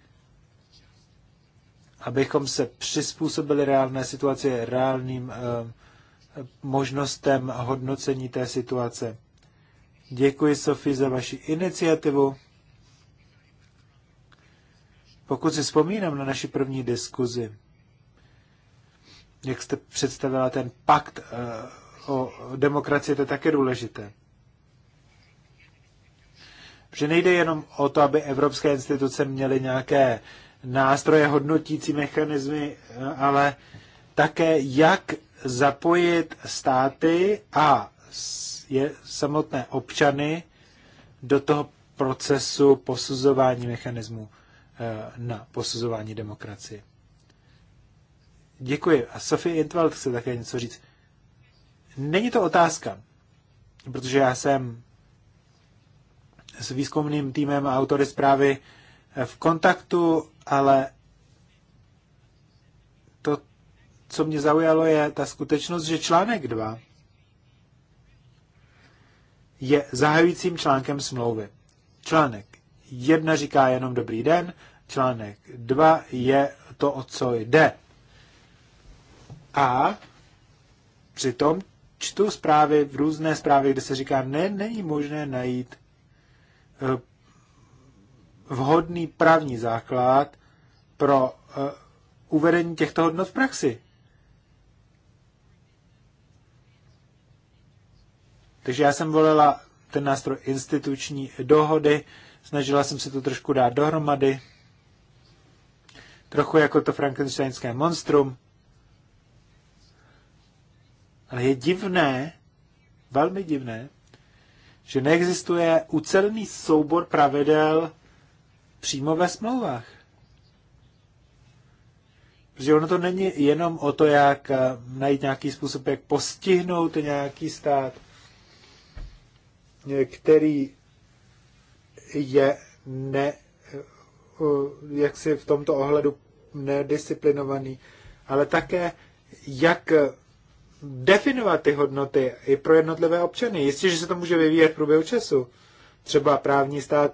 Speaker 2: abychom se přizpůsobili reálné situaci, reálným eh, možnostem hodnocení té situace. Děkuji, Sofie, za vaši iniciativu. Pokud si vzpomínám na naši první diskuzi, jak jste představila ten pakt eh, o demokracii, to je také důležité. Že nejde jenom o to, aby evropské instituce měly nějaké nástroje, hodnotící mechanismy, ale také jak zapojit státy a je samotné občany do toho procesu posuzování mechanismu eh, na posuzování demokracie. Děkuji. A Sofie Intvald chce také něco říct. Není to otázka, protože já jsem s výzkumným týmem a autory zprávy eh, v kontaktu, ale to, co mě zaujalo, je ta skutečnost, že článek 2 je zahajujícím článkem smlouvy. Článek 1 říká jenom dobrý den, článek 2 je to, o co jde. A přitom čtu zprávy, v různé zprávy, kde se říká, ne, není možné najít eh, vhodný právní základ pro eh, uvedení těchto hodnot v praxi. Takže já jsem volila ten nástroj instituční dohody, snažila jsem se to trošku dát dohromady, trochu jako to frankensteinské monstrum, ale je divné, velmi divné, že neexistuje ucelený soubor pravidel přímo ve smlouvách. Protože ono to není jenom o to, jak eh, najít nějaký způsob, jak postihnout nějaký stát, eh, který je ne, eh, jaksi v tomto ohledu nedisciplinovaný, ale také jak definovat ty hodnoty i pro jednotlivé občany. Jistě, že se to může vyvíjet v průběhu času. Třeba právní stát.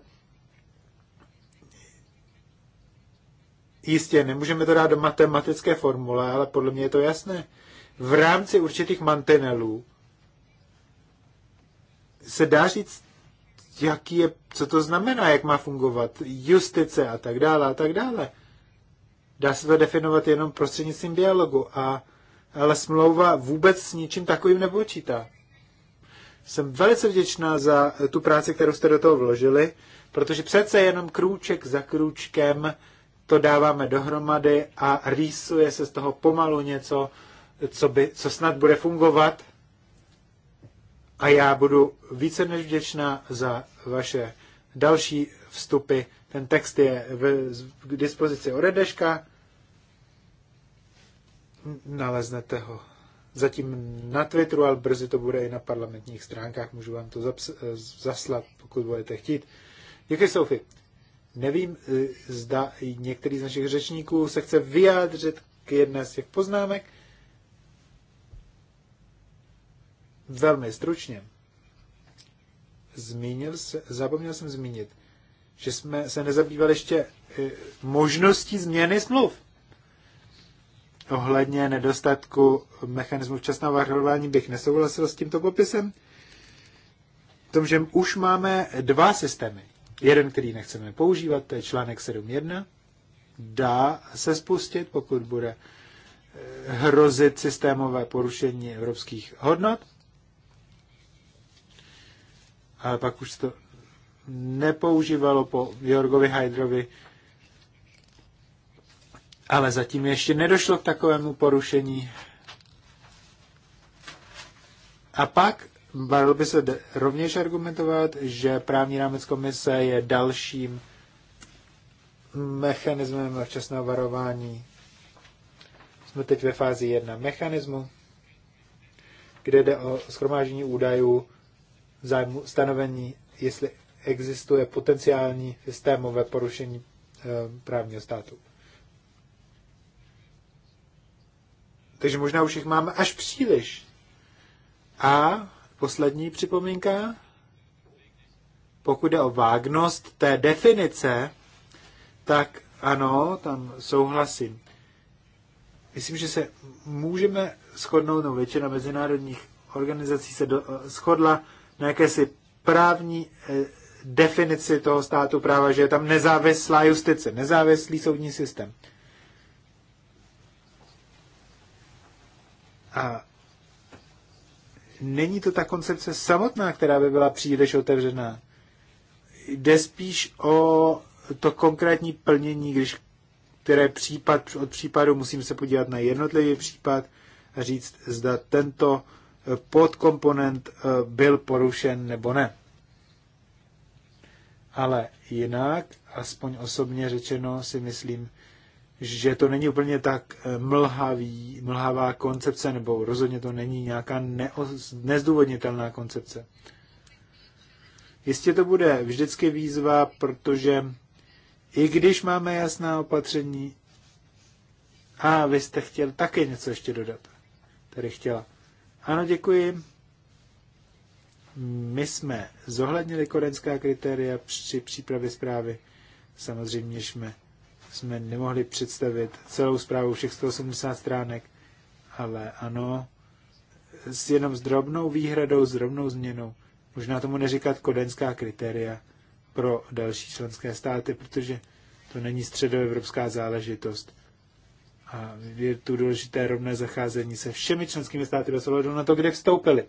Speaker 2: Jistě, nemůžeme to dát do matematické formule, ale podle mě je to jasné. V rámci určitých mantinelů se dá říct, jaký je, co to znamená, jak má fungovat justice a tak dále a tak dále. Dá se to definovat jenom prostřednictvím dialogu a ale smlouva vůbec s ničím takovým nepočítá. Jsem velice vděčná za eh, tu práci, kterou jste do toho vložili, protože přece jenom krůček za krůčkem to dáváme dohromady a rýsuje se z toho pomalu něco, co, by, co snad bude fungovat. A já budu více než vděčná za vaše další vstupy. Ten text je v, k dispozici od Redeška Naleznete ho zatím na Twitteru, ale brzy to bude i na parlamentních stránkách. Můžu vám to eh, zaslat, pokud budete chtít. Děkuji, Sofie? Nevím, eh, zda některý z našich řečníků se chce vyjádřit k jedné z těch poznámek. Velmi stručně. Zmínil se, zapomněl jsem zmínit, že jsme se nezabývali ještě eh, možností změny smluv ohledně nedostatku mechanismu včasného varování bych nesouhlasil s tímto popisem. V tom, že už máme dva systémy. Jeden, který nechceme používat, to je článek 7.1. Dá se spustit, pokud bude eh, hrozit systémové porušení evropských hodnot. Ale pak už to nepoužívalo po Jorgovi Hydrovi ale zatím ještě nedošlo k takovému porušení. A pak Barl by se rovněž argumentovat, že právní rámec komise je dalším mechanismem včasného varování. Jsme teď ve fázi jedna mechanismu, kde jde o schromáždění údajů zájmu stanovení, jestli existuje potenciální systémové porušení e, právního státu. Takže možná už jich máme až příliš. A poslední připomínka, pokud jde o vágnost té definice, tak ano, tam souhlasím. Myslím, že se můžeme shodnout, no většina mezinárodních organizací se do, eh, shodla na jakési právní e, definici toho státu práva, že je tam nezávislá justice, nezávislý soudní systém. A není to ta koncepce samotná, která by byla příliš otevřená. Jde spíš o to konkrétní plnění, když které případ od případu musím se podívat na jednotlivý případ a říct, zda tento eh, podkomponent eh, byl porušen nebo ne. Ale jinak, aspoň osobně řečeno, si myslím, že to není úplně tak eh, mlhavý, mlhavá koncepce, nebo rozhodně to není nějaká neoz, nezdůvodnitelná koncepce. Jistě to bude vždycky výzva, protože i když máme jasná opatření, a vy jste chtěl také něco ještě dodat. Tady chtěla. Ano, děkuji. My jsme zohlednili korenská kritéria při přípravě zprávy. Samozřejmě jsme jsme nemohli představit celou zprávu všech 180 stránek, ale ano, s jenom s drobnou výhradou, s drobnou změnou, možná tomu neříkat kodenská kritéria pro další členské státy, protože to není středoevropská záležitost. A je tu důležité rovné zacházení se všemi členskými státy bez ohledu na to, kde vstoupili.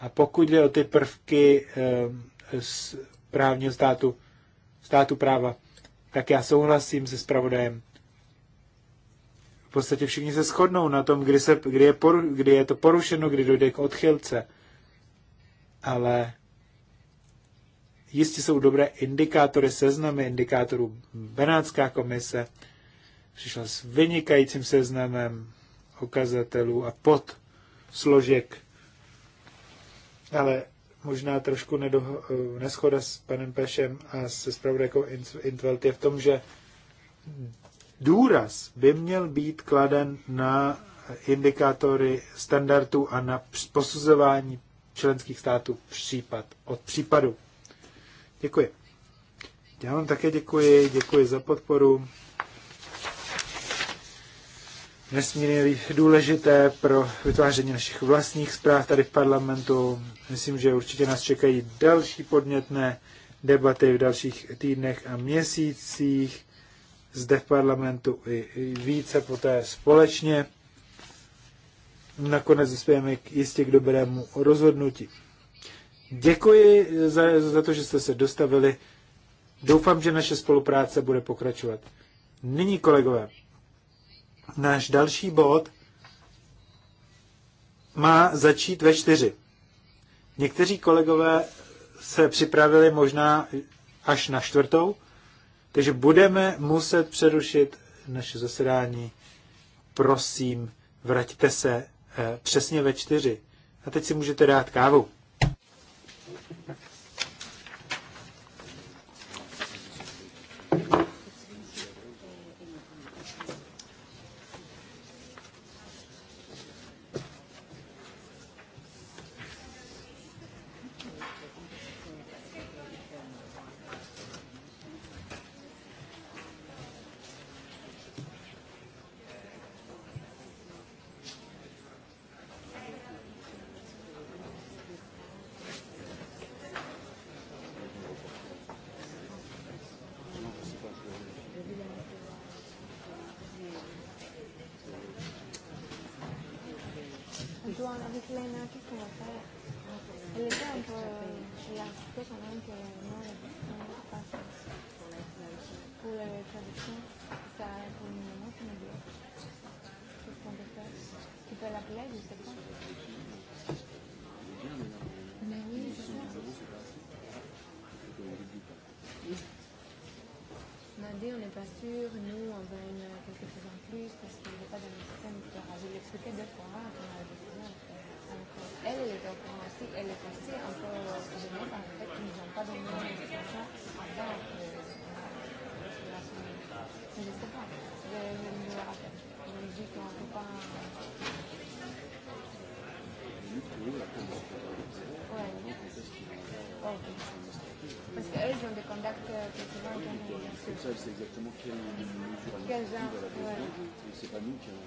Speaker 2: A pokud jde o ty prvky eh, z právního státu, státu práva, tak já souhlasím se spravodajem. V podstatě všichni se shodnou na tom, kdy, se, kdy, je, poru, kdy je to porušeno, kdy dojde k odchylce. Ale jistě jsou dobré indikátory, seznamy indikátorů. Benátská komise přišla s vynikajícím seznamem ukazatelů a pod složek. Ale možná trošku nedo, eh, neschoda s panem Pešem a se spravodajkou Intvelt je v tom, že důraz by měl být kladen na indikátory standardů a na posuzování členských států případ od případu. Děkuji. Já vám také děkuji, děkuji za podporu, nesmírně důležité pro vytváření našich vlastních zpráv tady v parlamentu. Myslím, že určitě nás čekají další podnětné debaty v dalších týdnech a měsících zde v parlamentu i, více poté společně. Nakonec zespějeme jistě k dobrému rozhodnutí. Děkuji za, za to, že jste se dostavili. Doufám, že naše spolupráce bude pokračovat. Nyní, kolegové, Náš další bod má začít ve čtyři. Někteří kolegové se připravili možná až na čtvrtou, takže budeme muset přerušit naše zasedání. Prosím, vraťte se eh, přesně ve čtyři. A teď si můžete dát kávu.
Speaker 3: savent c'est exactement quelle mesure administrative à la besoin, Et ce n'est pas nous qui avons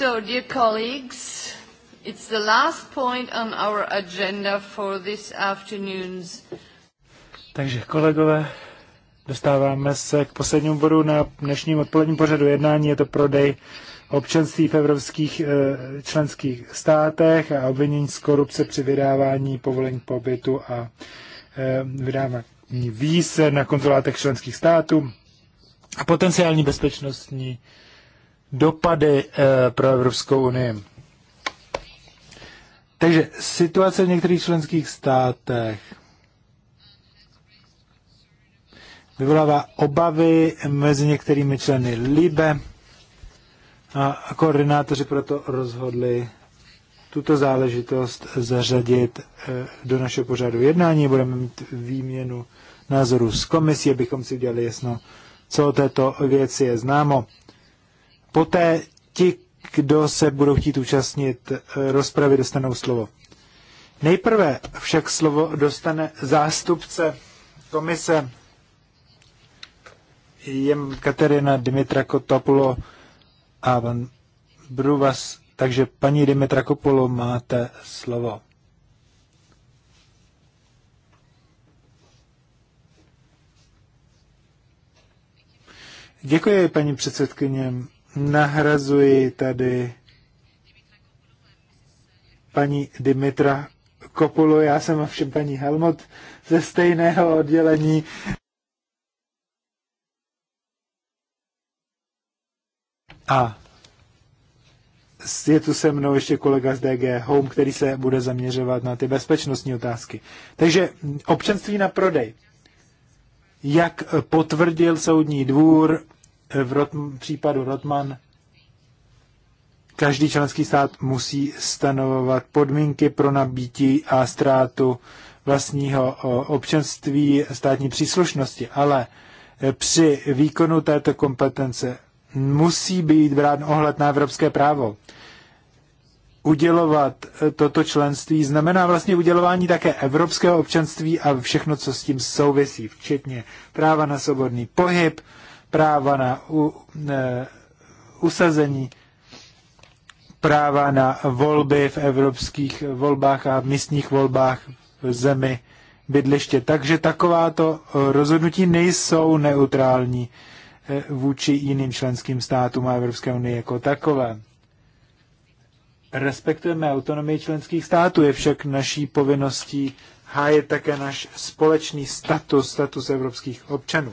Speaker 3: So, dear colleagues, it's the last point on our agenda for this afternoon's.
Speaker 2: Takže kolegové, dostáváme se k poslednímu bodu na dnešním odpoledním pořadu jednání. Je to prodej občanství v evropských eh, členských státech a obvinění z korupce při vydávání povolení pobytu a eh, vydávání víz na konzulátech členských států a potenciální bezpečnostní dopady eh, pro Evropskou unii. Takže situace v některých členských státech vyvolává obavy mezi některými členy LIBE a koordinátoři proto rozhodli tuto záležitost zařadit eh, do našeho pořadu jednání. Budeme mít výměnu názorů s komisí, abychom si udělali jasno, co o této věci je známo. Poté ti, kdo se budou chtít účastnit eh, rozpravy, dostanou slovo. Nejprve však slovo dostane zástupce komise Jem Katerina Dimitra Kotopulo a pan Bruvas. Takže paní Dimitra Kopolo, máte slovo. Děkuji, paní předsedkyně nahrazuji tady paní Dimitra Kopulu, já jsem ovšem paní Helmut ze stejného oddělení. A je tu se mnou ještě kolega z DG Home, který se bude zaměřovat na ty bezpečnostní otázky. Takže občanství na prodej. Jak potvrdil soudní dvůr, v rot, případu Rotman každý členský stát musí stanovovat podmínky pro nabítí a ztrátu vlastního občanství státní příslušnosti, ale e, při výkonu této kompetence musí být brán ohled na evropské právo. Udělovat e, toto členství znamená vlastně udělování také evropského občanství a všechno, co s tím souvisí, včetně práva na svobodný pohyb, práva na u, usazení, práva na volby v evropských volbách a v místních volbách v zemi bydliště. Takže takováto rozhodnutí nejsou neutrální eh, vůči jiným členským státům a Evropské unii jako takové. Respektujeme autonomii členských států, je však naší povinností hájet také náš společný status, status evropských občanů.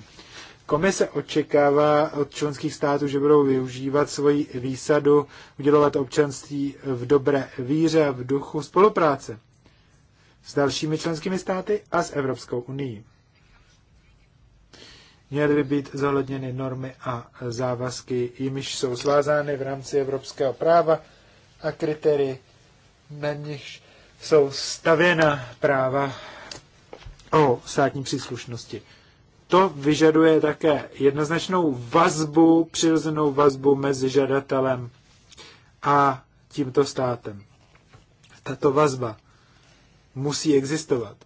Speaker 2: Komise očekává od členských států, že budou využívat svoji výsadu, udělovat občanství v dobré víře a v duchu spolupráce s dalšími členskými státy a s Evropskou unii. Měly by být zohledněny normy a závazky, jimiž jsou svázány v rámci evropského práva a kritérii, na nichž jsou stavěna práva o státní příslušnosti. To vyžaduje také jednoznačnou vazbu, přirozenou vazbu mezi žadatelem a tímto státem. Tato vazba musí existovat.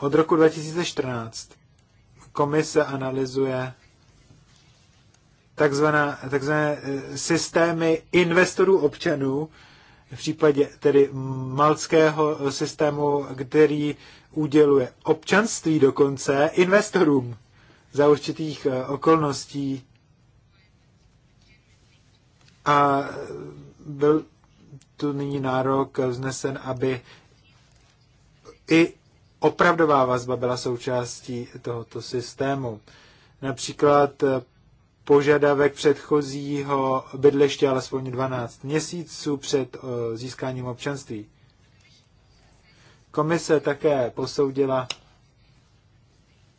Speaker 2: Od roku 2014 komise analyzuje takzvané, takzvané eh, systémy investorů občanů, v případě tedy malckého systému, který uděluje občanství dokonce investorům za určitých eh, okolností. A byl tu nyní nárok vznesen, aby i opravdová vazba byla součástí tohoto systému. Například eh, požadavek předchozího bydliště alespoň 12 měsíců před eh, získáním občanství. Komise také posoudila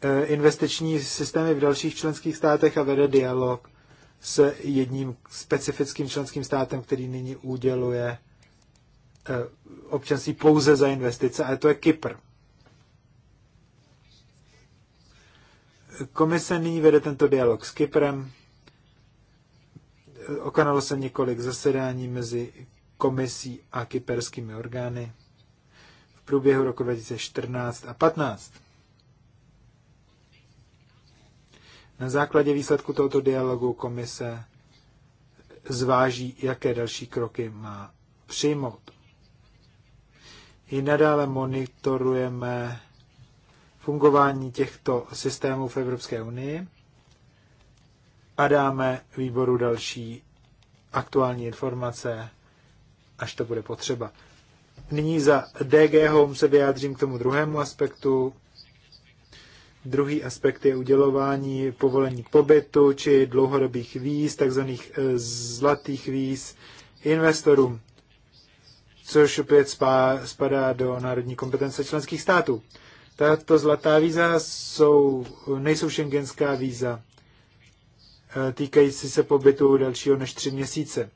Speaker 2: eh, investiční systémy v dalších členských státech a vede dialog s jedním specifickým členským státem, který nyní uděluje eh, občanství pouze za investice, a to je Kypr. Komise nyní vede tento dialog s Kyprem. Okonalo se několik zasedání mezi komisí a kyperskými orgány v průběhu roku 2014 a 15. Na základě výsledku tohoto dialogu komise zváží, jaké další kroky má přijmout. I nadále monitorujeme fungování těchto systémů v Evropské unii a dáme výboru další aktuální informace, až to bude potřeba. Nyní za DG Home se vyjádřím k tomu druhému aspektu. Druhý aspekt je udělování povolení pobytu či dlouhodobých víz, takzvaných eh, zlatých víz investorům, což opět spadá do národní kompetence členských států. Tato zlatá víza jsou, nejsou šengenská víza, eh, týkající se pobytu dalšího než tři měsíce.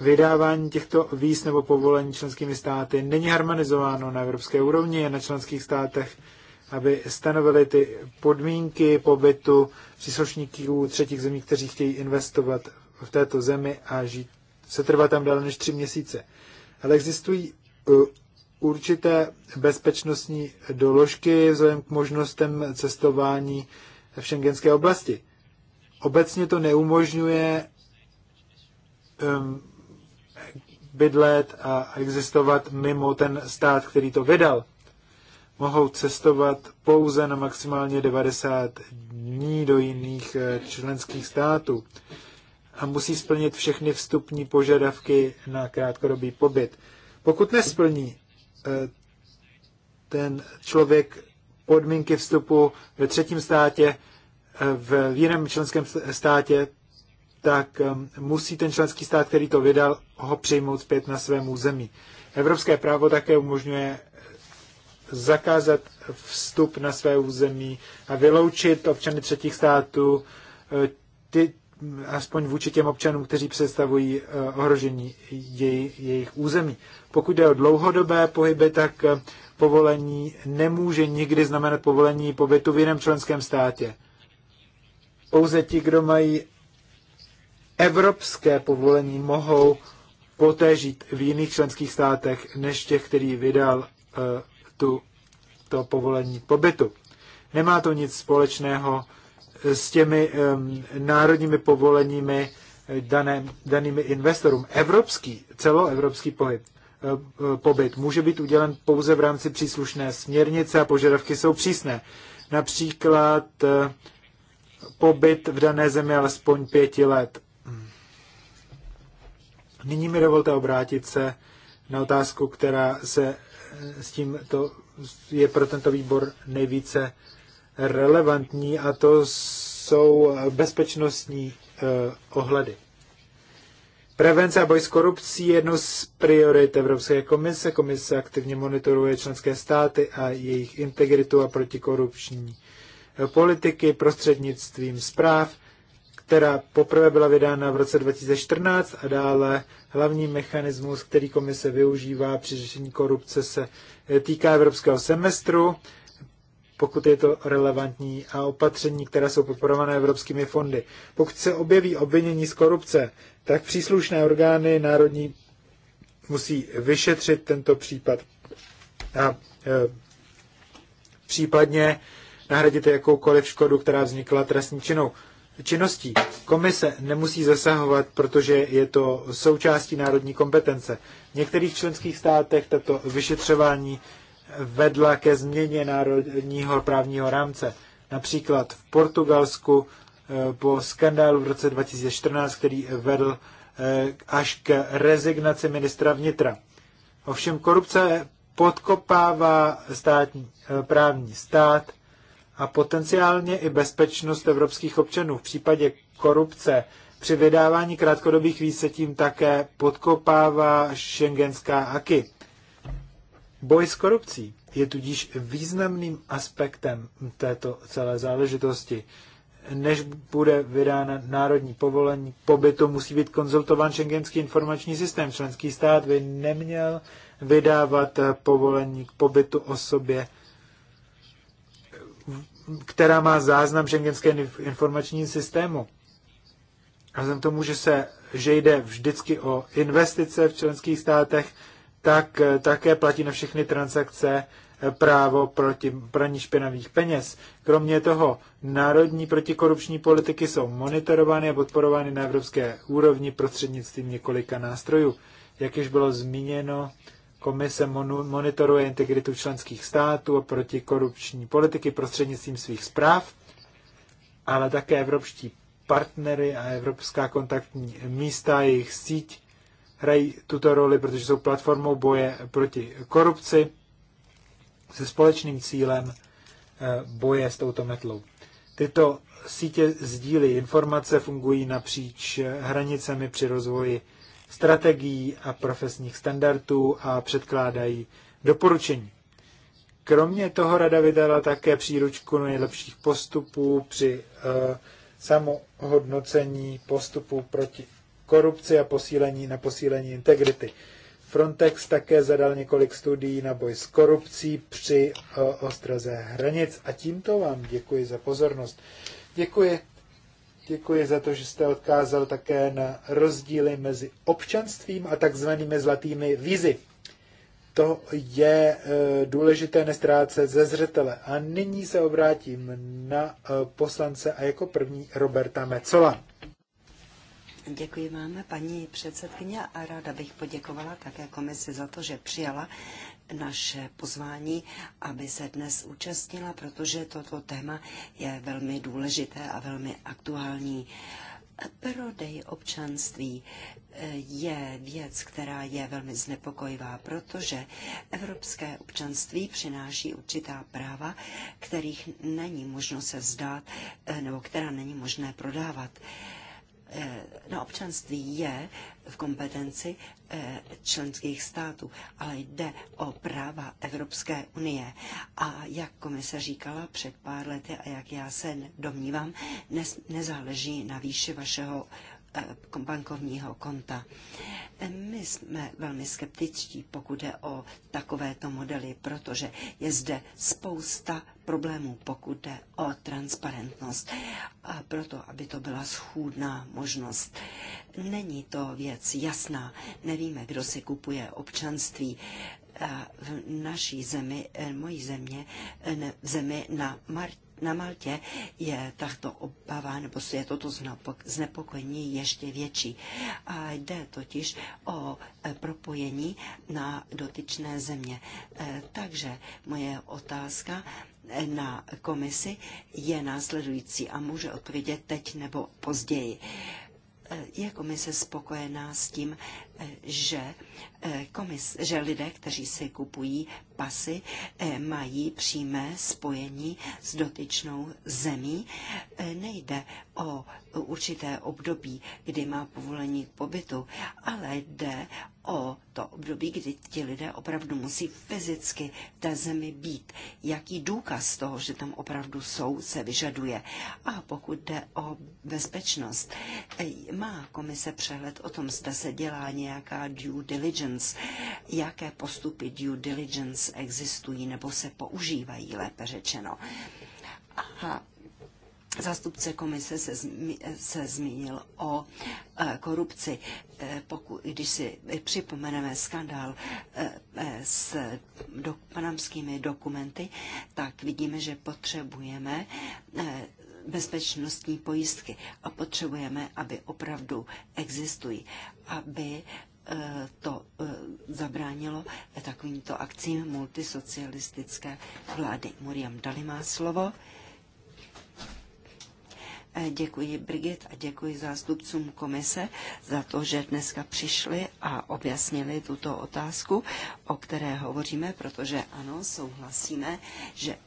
Speaker 2: Vydávání těchto víz nebo povolení členskými státy není harmonizováno na evropské úrovni a na členských státech, aby stanovili ty podmínky pobytu příslušníků třetích zemí, kteří chtějí investovat v této zemi a žít, se trvá tam déle než tři měsíce. Ale existují eh, určité bezpečnostní doložky vzhledem k možnostem cestování v šengenské oblasti. Obecně to neumožňuje um, bydlet a existovat mimo ten stát, který to vydal. Mohou cestovat pouze na maximálně 90 dní do jiných eh, členských států a musí splnit všechny vstupní požadavky na krátkodobý pobyt. Pokud nesplní Eh, ten člověk podmínky vstupu ve třetím státě, eh, v jiném členském státě, tak eh, musí ten členský stát, který to vydal, ho přijmout zpět na svém území. Evropské právo také umožňuje zakázat vstup na své území a vyloučit občany třetích států, ty, aspoň vůči těm občanům, kteří představují eh, ohrožení jej, jejich území. Pokud jde o dlouhodobé pohyby, tak eh, povolení nemůže nikdy znamenat povolení pobytu v jiném členském státě. Pouze ti, kdo mají evropské povolení, mohou poté žít v jiných členských státech, než těch, který vydal uh, tu, to povolení pobytu. Nemá to nic společného s těmi národními povoleními eh, dané, danými investorům. Evropský, celoevropský pohyb, eh, eh, pobyt může být udělen pouze v rámci příslušné směrnice a požadavky jsou přísné. Například pobyt v dané zemi alespoň pěti let. Nyní mi dovolte obrátit se na otázku, která se s tím to je pro tento výbor nejvíce relevantní a to jsou bezpečnostní eh, ohledy. Prevence a boj s korupcí je jednou z priorit Evropské komise. Komise aktivně monitoruje členské státy a jejich integritu a protikorupční eh, politiky prostřednictvím zpráv, která poprvé byla vydána v roce 2014 a dále hlavní mechanismus, který komise využívá při řešení korupce, se eh, týká evropského semestru pokud je to relevantní, a opatření, která jsou podporované evropskými fondy. Pokud se objeví obvinění z korupce, tak příslušné orgány národní musí vyšetřit tento případ a e, případně nahradit jakoukoliv škodu, která vznikla trestní činou činností. Komise nemusí zasahovat, protože je to součástí národní kompetence. V některých členských státech tato vyšetřování vedla ke změně národního právního rámce. Například v Portugalsku eh, po skandálu v roce 2014, který vedl eh, až k rezignaci ministra vnitra. Ovšem korupce podkopává státní, eh, právní stát a potenciálně i bezpečnost evropských občanů. V případě korupce při vydávání krátkodobých výsetím tím také podkopává šengenská aky. Boj s korupcí je tudíž významným aspektem této celé záležitosti. Než bude vydána národní povolení pobytu, musí být konzultován šengenský informační systém. Členský stát by neměl vydávat povolení k pobytu osobě, která má záznam šengenského informačního systému. A vzhledem tomu, že, se, že jde vždycky o investice v členských státech, tak eh, také platí na všechny transakce eh, právo proti praní špinavých peněz. Kromě toho, národní protikorupční politiky jsou monitorovány a podporovány na evropské úrovni prostřednictvím několika nástrojů. Jak již bylo zmíněno, komise monitoruje integritu členských států a protikorupční politiky prostřednictvím svých zpráv, ale také evropští partnery a evropská kontaktní místa, jejich síť hrají tuto roli, protože jsou platformou boje proti korupci se společným cílem eh, boje s touto metlou. Tyto sítě sdílí informace, fungují napříč hranicemi při rozvoji strategií a profesních standardů a předkládají doporučení. Kromě toho rada vydala také příručku nejlepších postupů při uh, samohodnocení postupů proti korupci a posílení na posílení integrity. Frontex také zadal několik studií na boj s korupcí při eh, ostraze hranic. A tímto vám děkuji za pozornost. Děkuji. Děkuji za to, že jste odkázal také na rozdíly mezi občanstvím a takzvanými zlatými vízy. To je eh, důležité nestrácet ze zřetele. A nyní se obrátím na eh, poslance a jako první Roberta Mecola.
Speaker 3: Děkuji vám, paní předsedkyně, a ráda bych poděkovala také komisi za to, že přijala naše pozvání, aby se dnes účastnila, protože toto téma je velmi důležité a velmi aktuální. Prodej občanství eh, je věc, která je velmi znepokojivá, protože evropské občanství přináší určitá práva, kterých není možno se vzdát eh, nebo která není možné prodávat. Eh, na občanství je v kompetenci eh, členských států, ale jde o práva Evropské unie. A jak komise říkala před pár lety a jak já se domnívám, nezáleží na výši vašeho Eh, bankovního konta. Eh, my jsme velmi skeptičtí, pokud jde o takovéto modely, protože je zde spousta problémů, pokud jde o transparentnost. A proto, aby to byla schůdná možnost. Není to věc jasná. Nevíme, kdo si kupuje občanství eh, v naší zemi, mojí země, v zemi na Mart na Maltě je takto obava, nebo je toto znepokojení ještě větší. A jde totiž o e, propojení na dotyčné země. E, takže moje otázka e, na komisi je následující a může odpovědět teď nebo později. Je komise spokojená s tím, že, eh, komis, že lidé, kteří si kupují pasy, eh, mají přímé spojení s dotyčnou zemí. Eh, nejde o určité období, kdy má povolení k pobytu, ale jde o to období, kdy ti lidé opravdu musí fyzicky v té zemi být. Jaký důkaz toho, že tam opravdu jsou, se vyžaduje. A pokud jde o bezpečnost, má komise přehled o tom, zda se dělá nějak nějaká due diligence. Jaké postupy due diligence existují nebo se používají, lépe řečeno. Aha. Zástupce komise se, zmi, se zmínil o e, korupci. E, pokud, když si připomeneme skandál e, e, s do, panamskými dokumenty, tak vidíme, že potřebujeme e, bezpečnostní pojistky a potřebujeme, aby opravdu existují, aby e, to e, zabránilo takovýmto akcím multisocialistické vlády. Muriam Dali má slovo. E, děkuji Brigit a děkuji zástupcům komise za to, že dneska přišli a objasnili tuto otázku, o které hovoříme, protože ano, souhlasíme, že,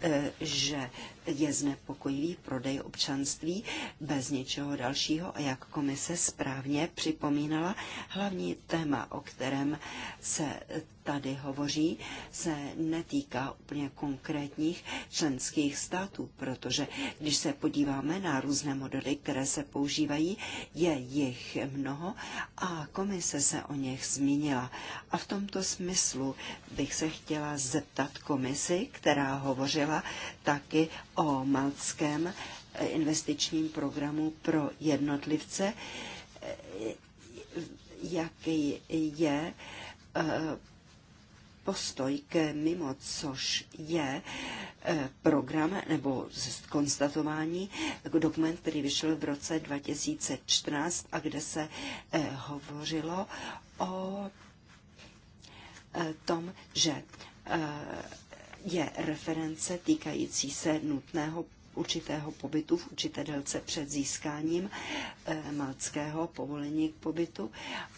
Speaker 3: že je znepokojivý prodej občanství bez něčeho dalšího a jak komise správně připomínala, hlavní téma, o kterém se tady hovoří, se netýká úplně konkrétních členských států, protože když se podíváme na různé modely, které se používají, je jich mnoho a komise se o nich zmínila. A v tomto smyslu bych se chtěla zeptat komisi, která hovořila taky o malckém eh, investičním programu pro jednotlivce, eh, jaký je eh, postoj k MIMO, což je program nebo konstatování, dokument, který vyšel v roce 2014 a kde se hovořilo o tom, že je reference týkající se nutného určitého pobytu v určité délce před získáním e, eh, malckého povolení k pobytu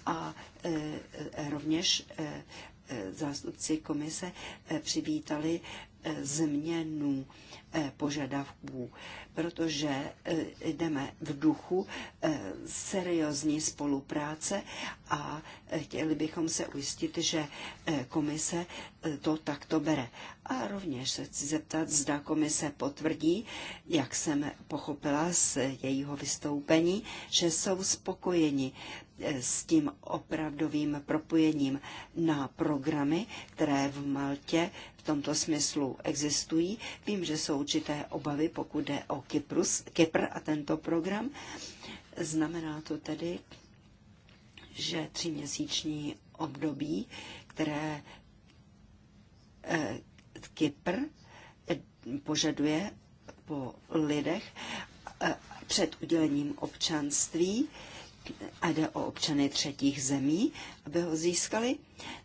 Speaker 3: a e, rovněž e, zástupci komise přivítali Eh, změnu eh, požadavků, protože eh, jdeme v duchu seriózní spolupráce a chtěli bychom se ujistit, že komise to takto bere. A rovněž se chci zeptat, zda komise potvrdí, jak jsem pochopila z jejího vystoupení, že jsou spokojeni, s tím opravdovým propojením na programy, které v Maltě v tomto smyslu existují. Vím, že jsou určité obavy, pokud jde o Kyprus, Kypr a tento program. Znamená to tedy, že tříměsíční období, které eh, Kypr eh, požaduje po lidech eh, před udělením občanství, a jde o občany třetích zemí, aby ho získali,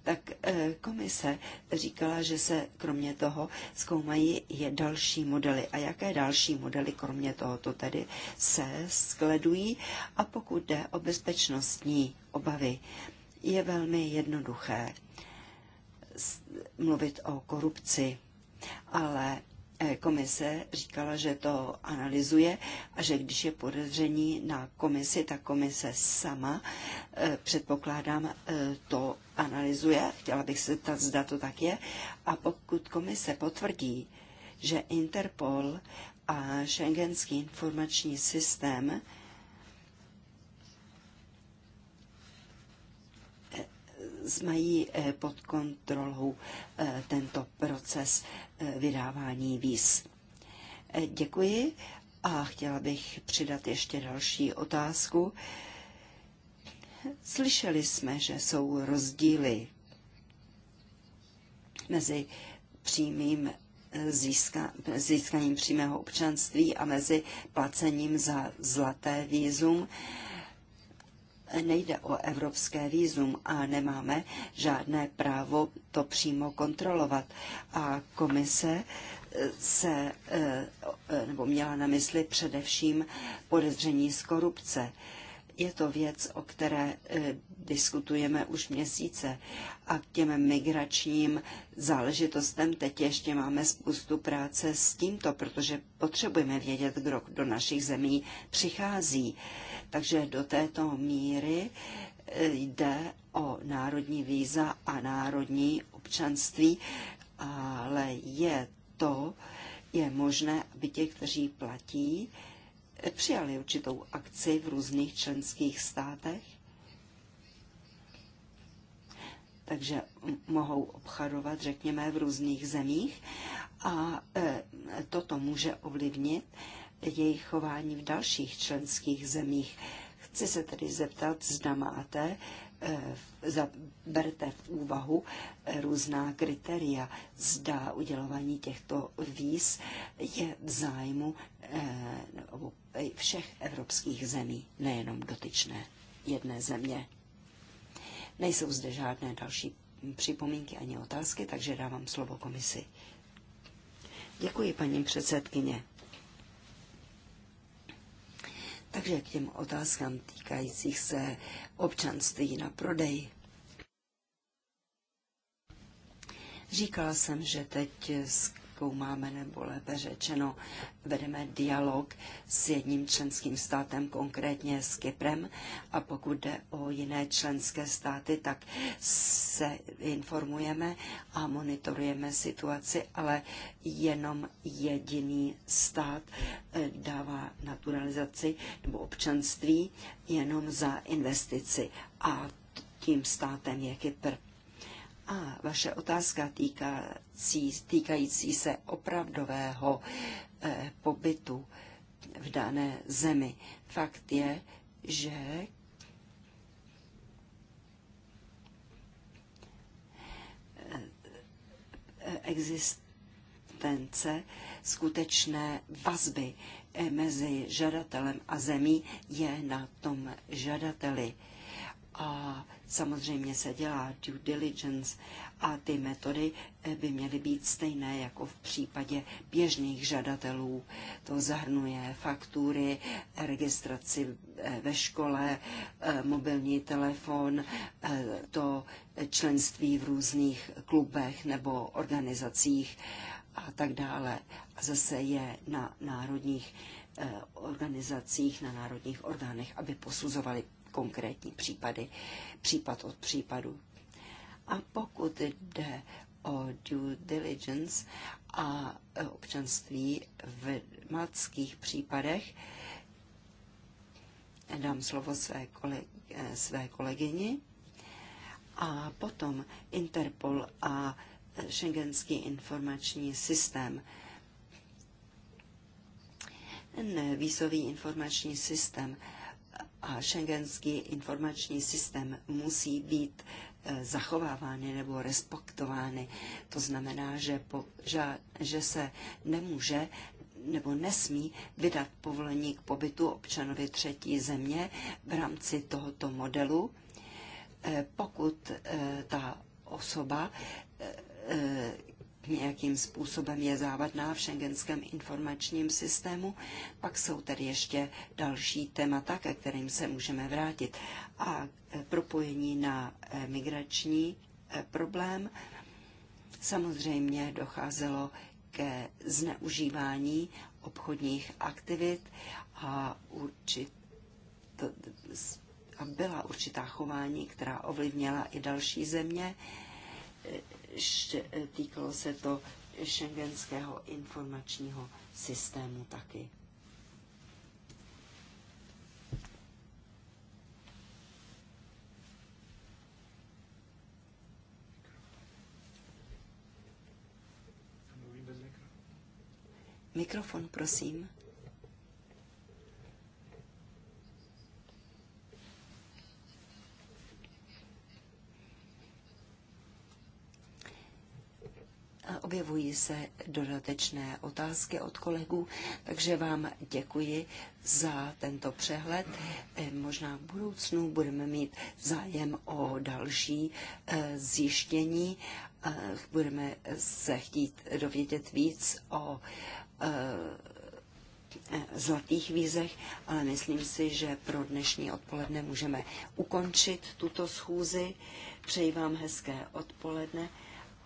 Speaker 3: tak eh, komise říkala, že se kromě toho zkoumají je další modely. A jaké další modely kromě tohoto tedy se skledují? A pokud jde o bezpečnostní obavy, je velmi jednoduché mluvit o korupci, ale E, komise říkala, že to analyzuje a že když je podezření na komisi, tak komise sama, e, předpokládám, e, to analyzuje. Chtěla bych se zeptat, zda to tak je. A pokud komise potvrdí, že Interpol a Schengenský informační systém mají pod kontrolou tento proces vydávání víz. Děkuji a chtěla bych přidat ještě další otázku. Slyšeli jsme, že jsou rozdíly mezi přímým získa, eh, získaním přímého občanství a mezi placením za zlaté vízum nejde o evropské výzum a nemáme žádné právo to přímo kontrolovat. A komise eh, se, eh, nebo měla na mysli především podezření z korupce. Je to věc, o které eh, diskutujeme už měsíce a k těm migračním záležitostem teď ještě máme spoustu práce s tímto, protože potřebujeme vědět, kdo do našich zemí přichází. Takže do této míry eh, jde o národní víza a národní občanství, ale je to, je možné, aby ti, kteří platí, eh, přijali určitou akci v různých členských státech, takže mohou obchadovat, řekněme, v různých zemích a eh, toto může ovlivnit jejich chování v dalších členských zemích. Chci se tedy zeptat, zda máte, eh, berte v úvahu eh, různá kritéria, zda udělování těchto víz je v zájmu eh, všech evropských zemí, nejenom dotyčné jedné země. Nejsou zde žádné další připomínky ani otázky, takže dávám slovo komisi. Děkuji, paní předsedkyně. Takže k těm otázkám týkajících se občanství na prodej. Říkala jsem, že teď s zkoumáme, nebo lépe řečeno vedeme dialog s jedním členským státem, konkrétně s Kyprem. A pokud jde o jiné členské státy, tak se informujeme a monitorujeme situaci, ale jenom jediný stát eh, dává naturalizaci nebo občanství jenom za investici. A tím státem je Kypr. A vaše otázka týkací, týkající se opravdového eh, pobytu v dané zemi. Fakt je, že eh, existence skutečné vazby eh, mezi žadatelem a zemí je na tom žadateli. A Samozřejmě se dělá due diligence a ty metody eh, by měly být stejné jako v případě běžných žadatelů. To zahrnuje faktury, registraci eh, ve škole, eh, mobilní telefon, to členství v různých klubech nebo organizacích a tak dále. A zase je na národních organizacích, na národních orgánech, aby posuzovali konkrétní případy, případ od případu. A pokud jde o due diligence a občanství v maltských případech, dám slovo své, kole, své kolegyni. A potom Interpol a Schengenský informační systém. Ten výzový informační systém a šengenský informační systém musí být eh, zachovávány nebo respektovány. To znamená, že, po, že, že se nemůže nebo nesmí vydat povolení k pobytu občanovi třetí země v rámci tohoto modelu, eh, pokud eh, ta osoba, jakým způsobem je závadná v šengenském informačním systému. Pak jsou tady ještě další témata, ke kterým se můžeme vrátit. A e, propojení na e, migrační e, problém. Samozřejmě docházelo ke zneužívání obchodních aktivit a, určit, a byla určitá chování, která ovlivnila i další země Eh, týkalo se to šengenského informačního systému taky. Mikrofon, prosím. Objevují se dodatečné otázky od kolegů, takže vám děkuji za tento přehled. E, možná v budoucnu budeme mít zájem o další e, zjištění. E, budeme se chtít dovědět víc o zlatých vízech, ale myslím si, že pro dnešní odpoledne můžeme ukončit tuto schůzi. Přeji vám hezké odpoledne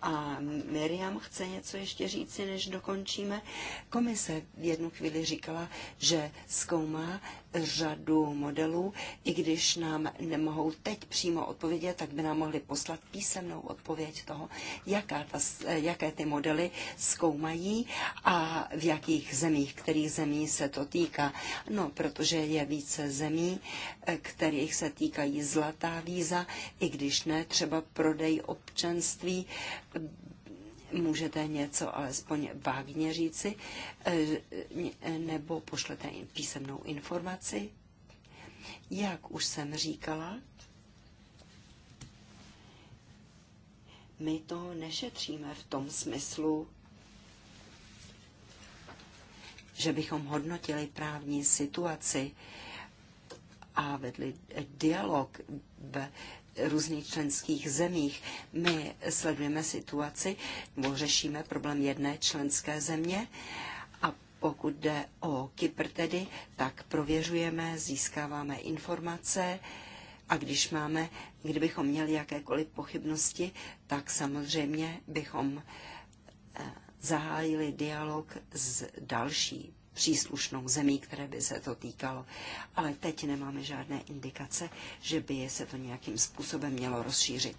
Speaker 3: a Miriam chce něco ještě říci, než dokončíme. Komise v jednu chvíli říkala, že zkoumá, řadu modelů. I když nám nemohou teď přímo odpovědět, tak by nám mohli poslat písemnou odpověď toho, jaká ta, jaké ty modely zkoumají a v jakých zemích, kterých zemí se to týká. No, protože je více zemí, eh, kterých se týkají zlatá víza, i když ne třeba prodej občanství můžete něco alespoň vágně říci, e, e, nebo pošlete písemnou informaci. Jak už jsem říkala, my to nešetříme v tom smyslu, že bychom hodnotili právní situaci a vedli dialog v různých členských zemích. My sledujeme situaci, nebo řešíme problém jedné členské země a pokud jde o Kypr tedy, tak prověřujeme, získáváme informace a když máme, kdybychom měli jakékoliv pochybnosti, tak samozřejmě bychom eh, zahájili dialog s další příslušnou zemí, které by se to týkalo. Ale teď nemáme žádné indikace, že by se to nějakým způsobem mělo rozšířit.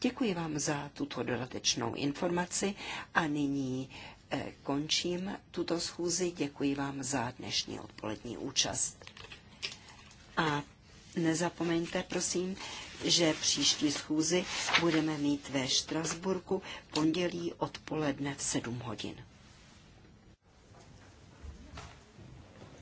Speaker 3: Děkuji vám za tuto dodatečnou informaci a nyní eh, končím tuto schůzi. Děkuji vám za dnešní odpolední účast. A nezapomeňte, prosím, že příští schůzi budeme mít ve Štrasburku pondělí odpoledne v 7 hodin.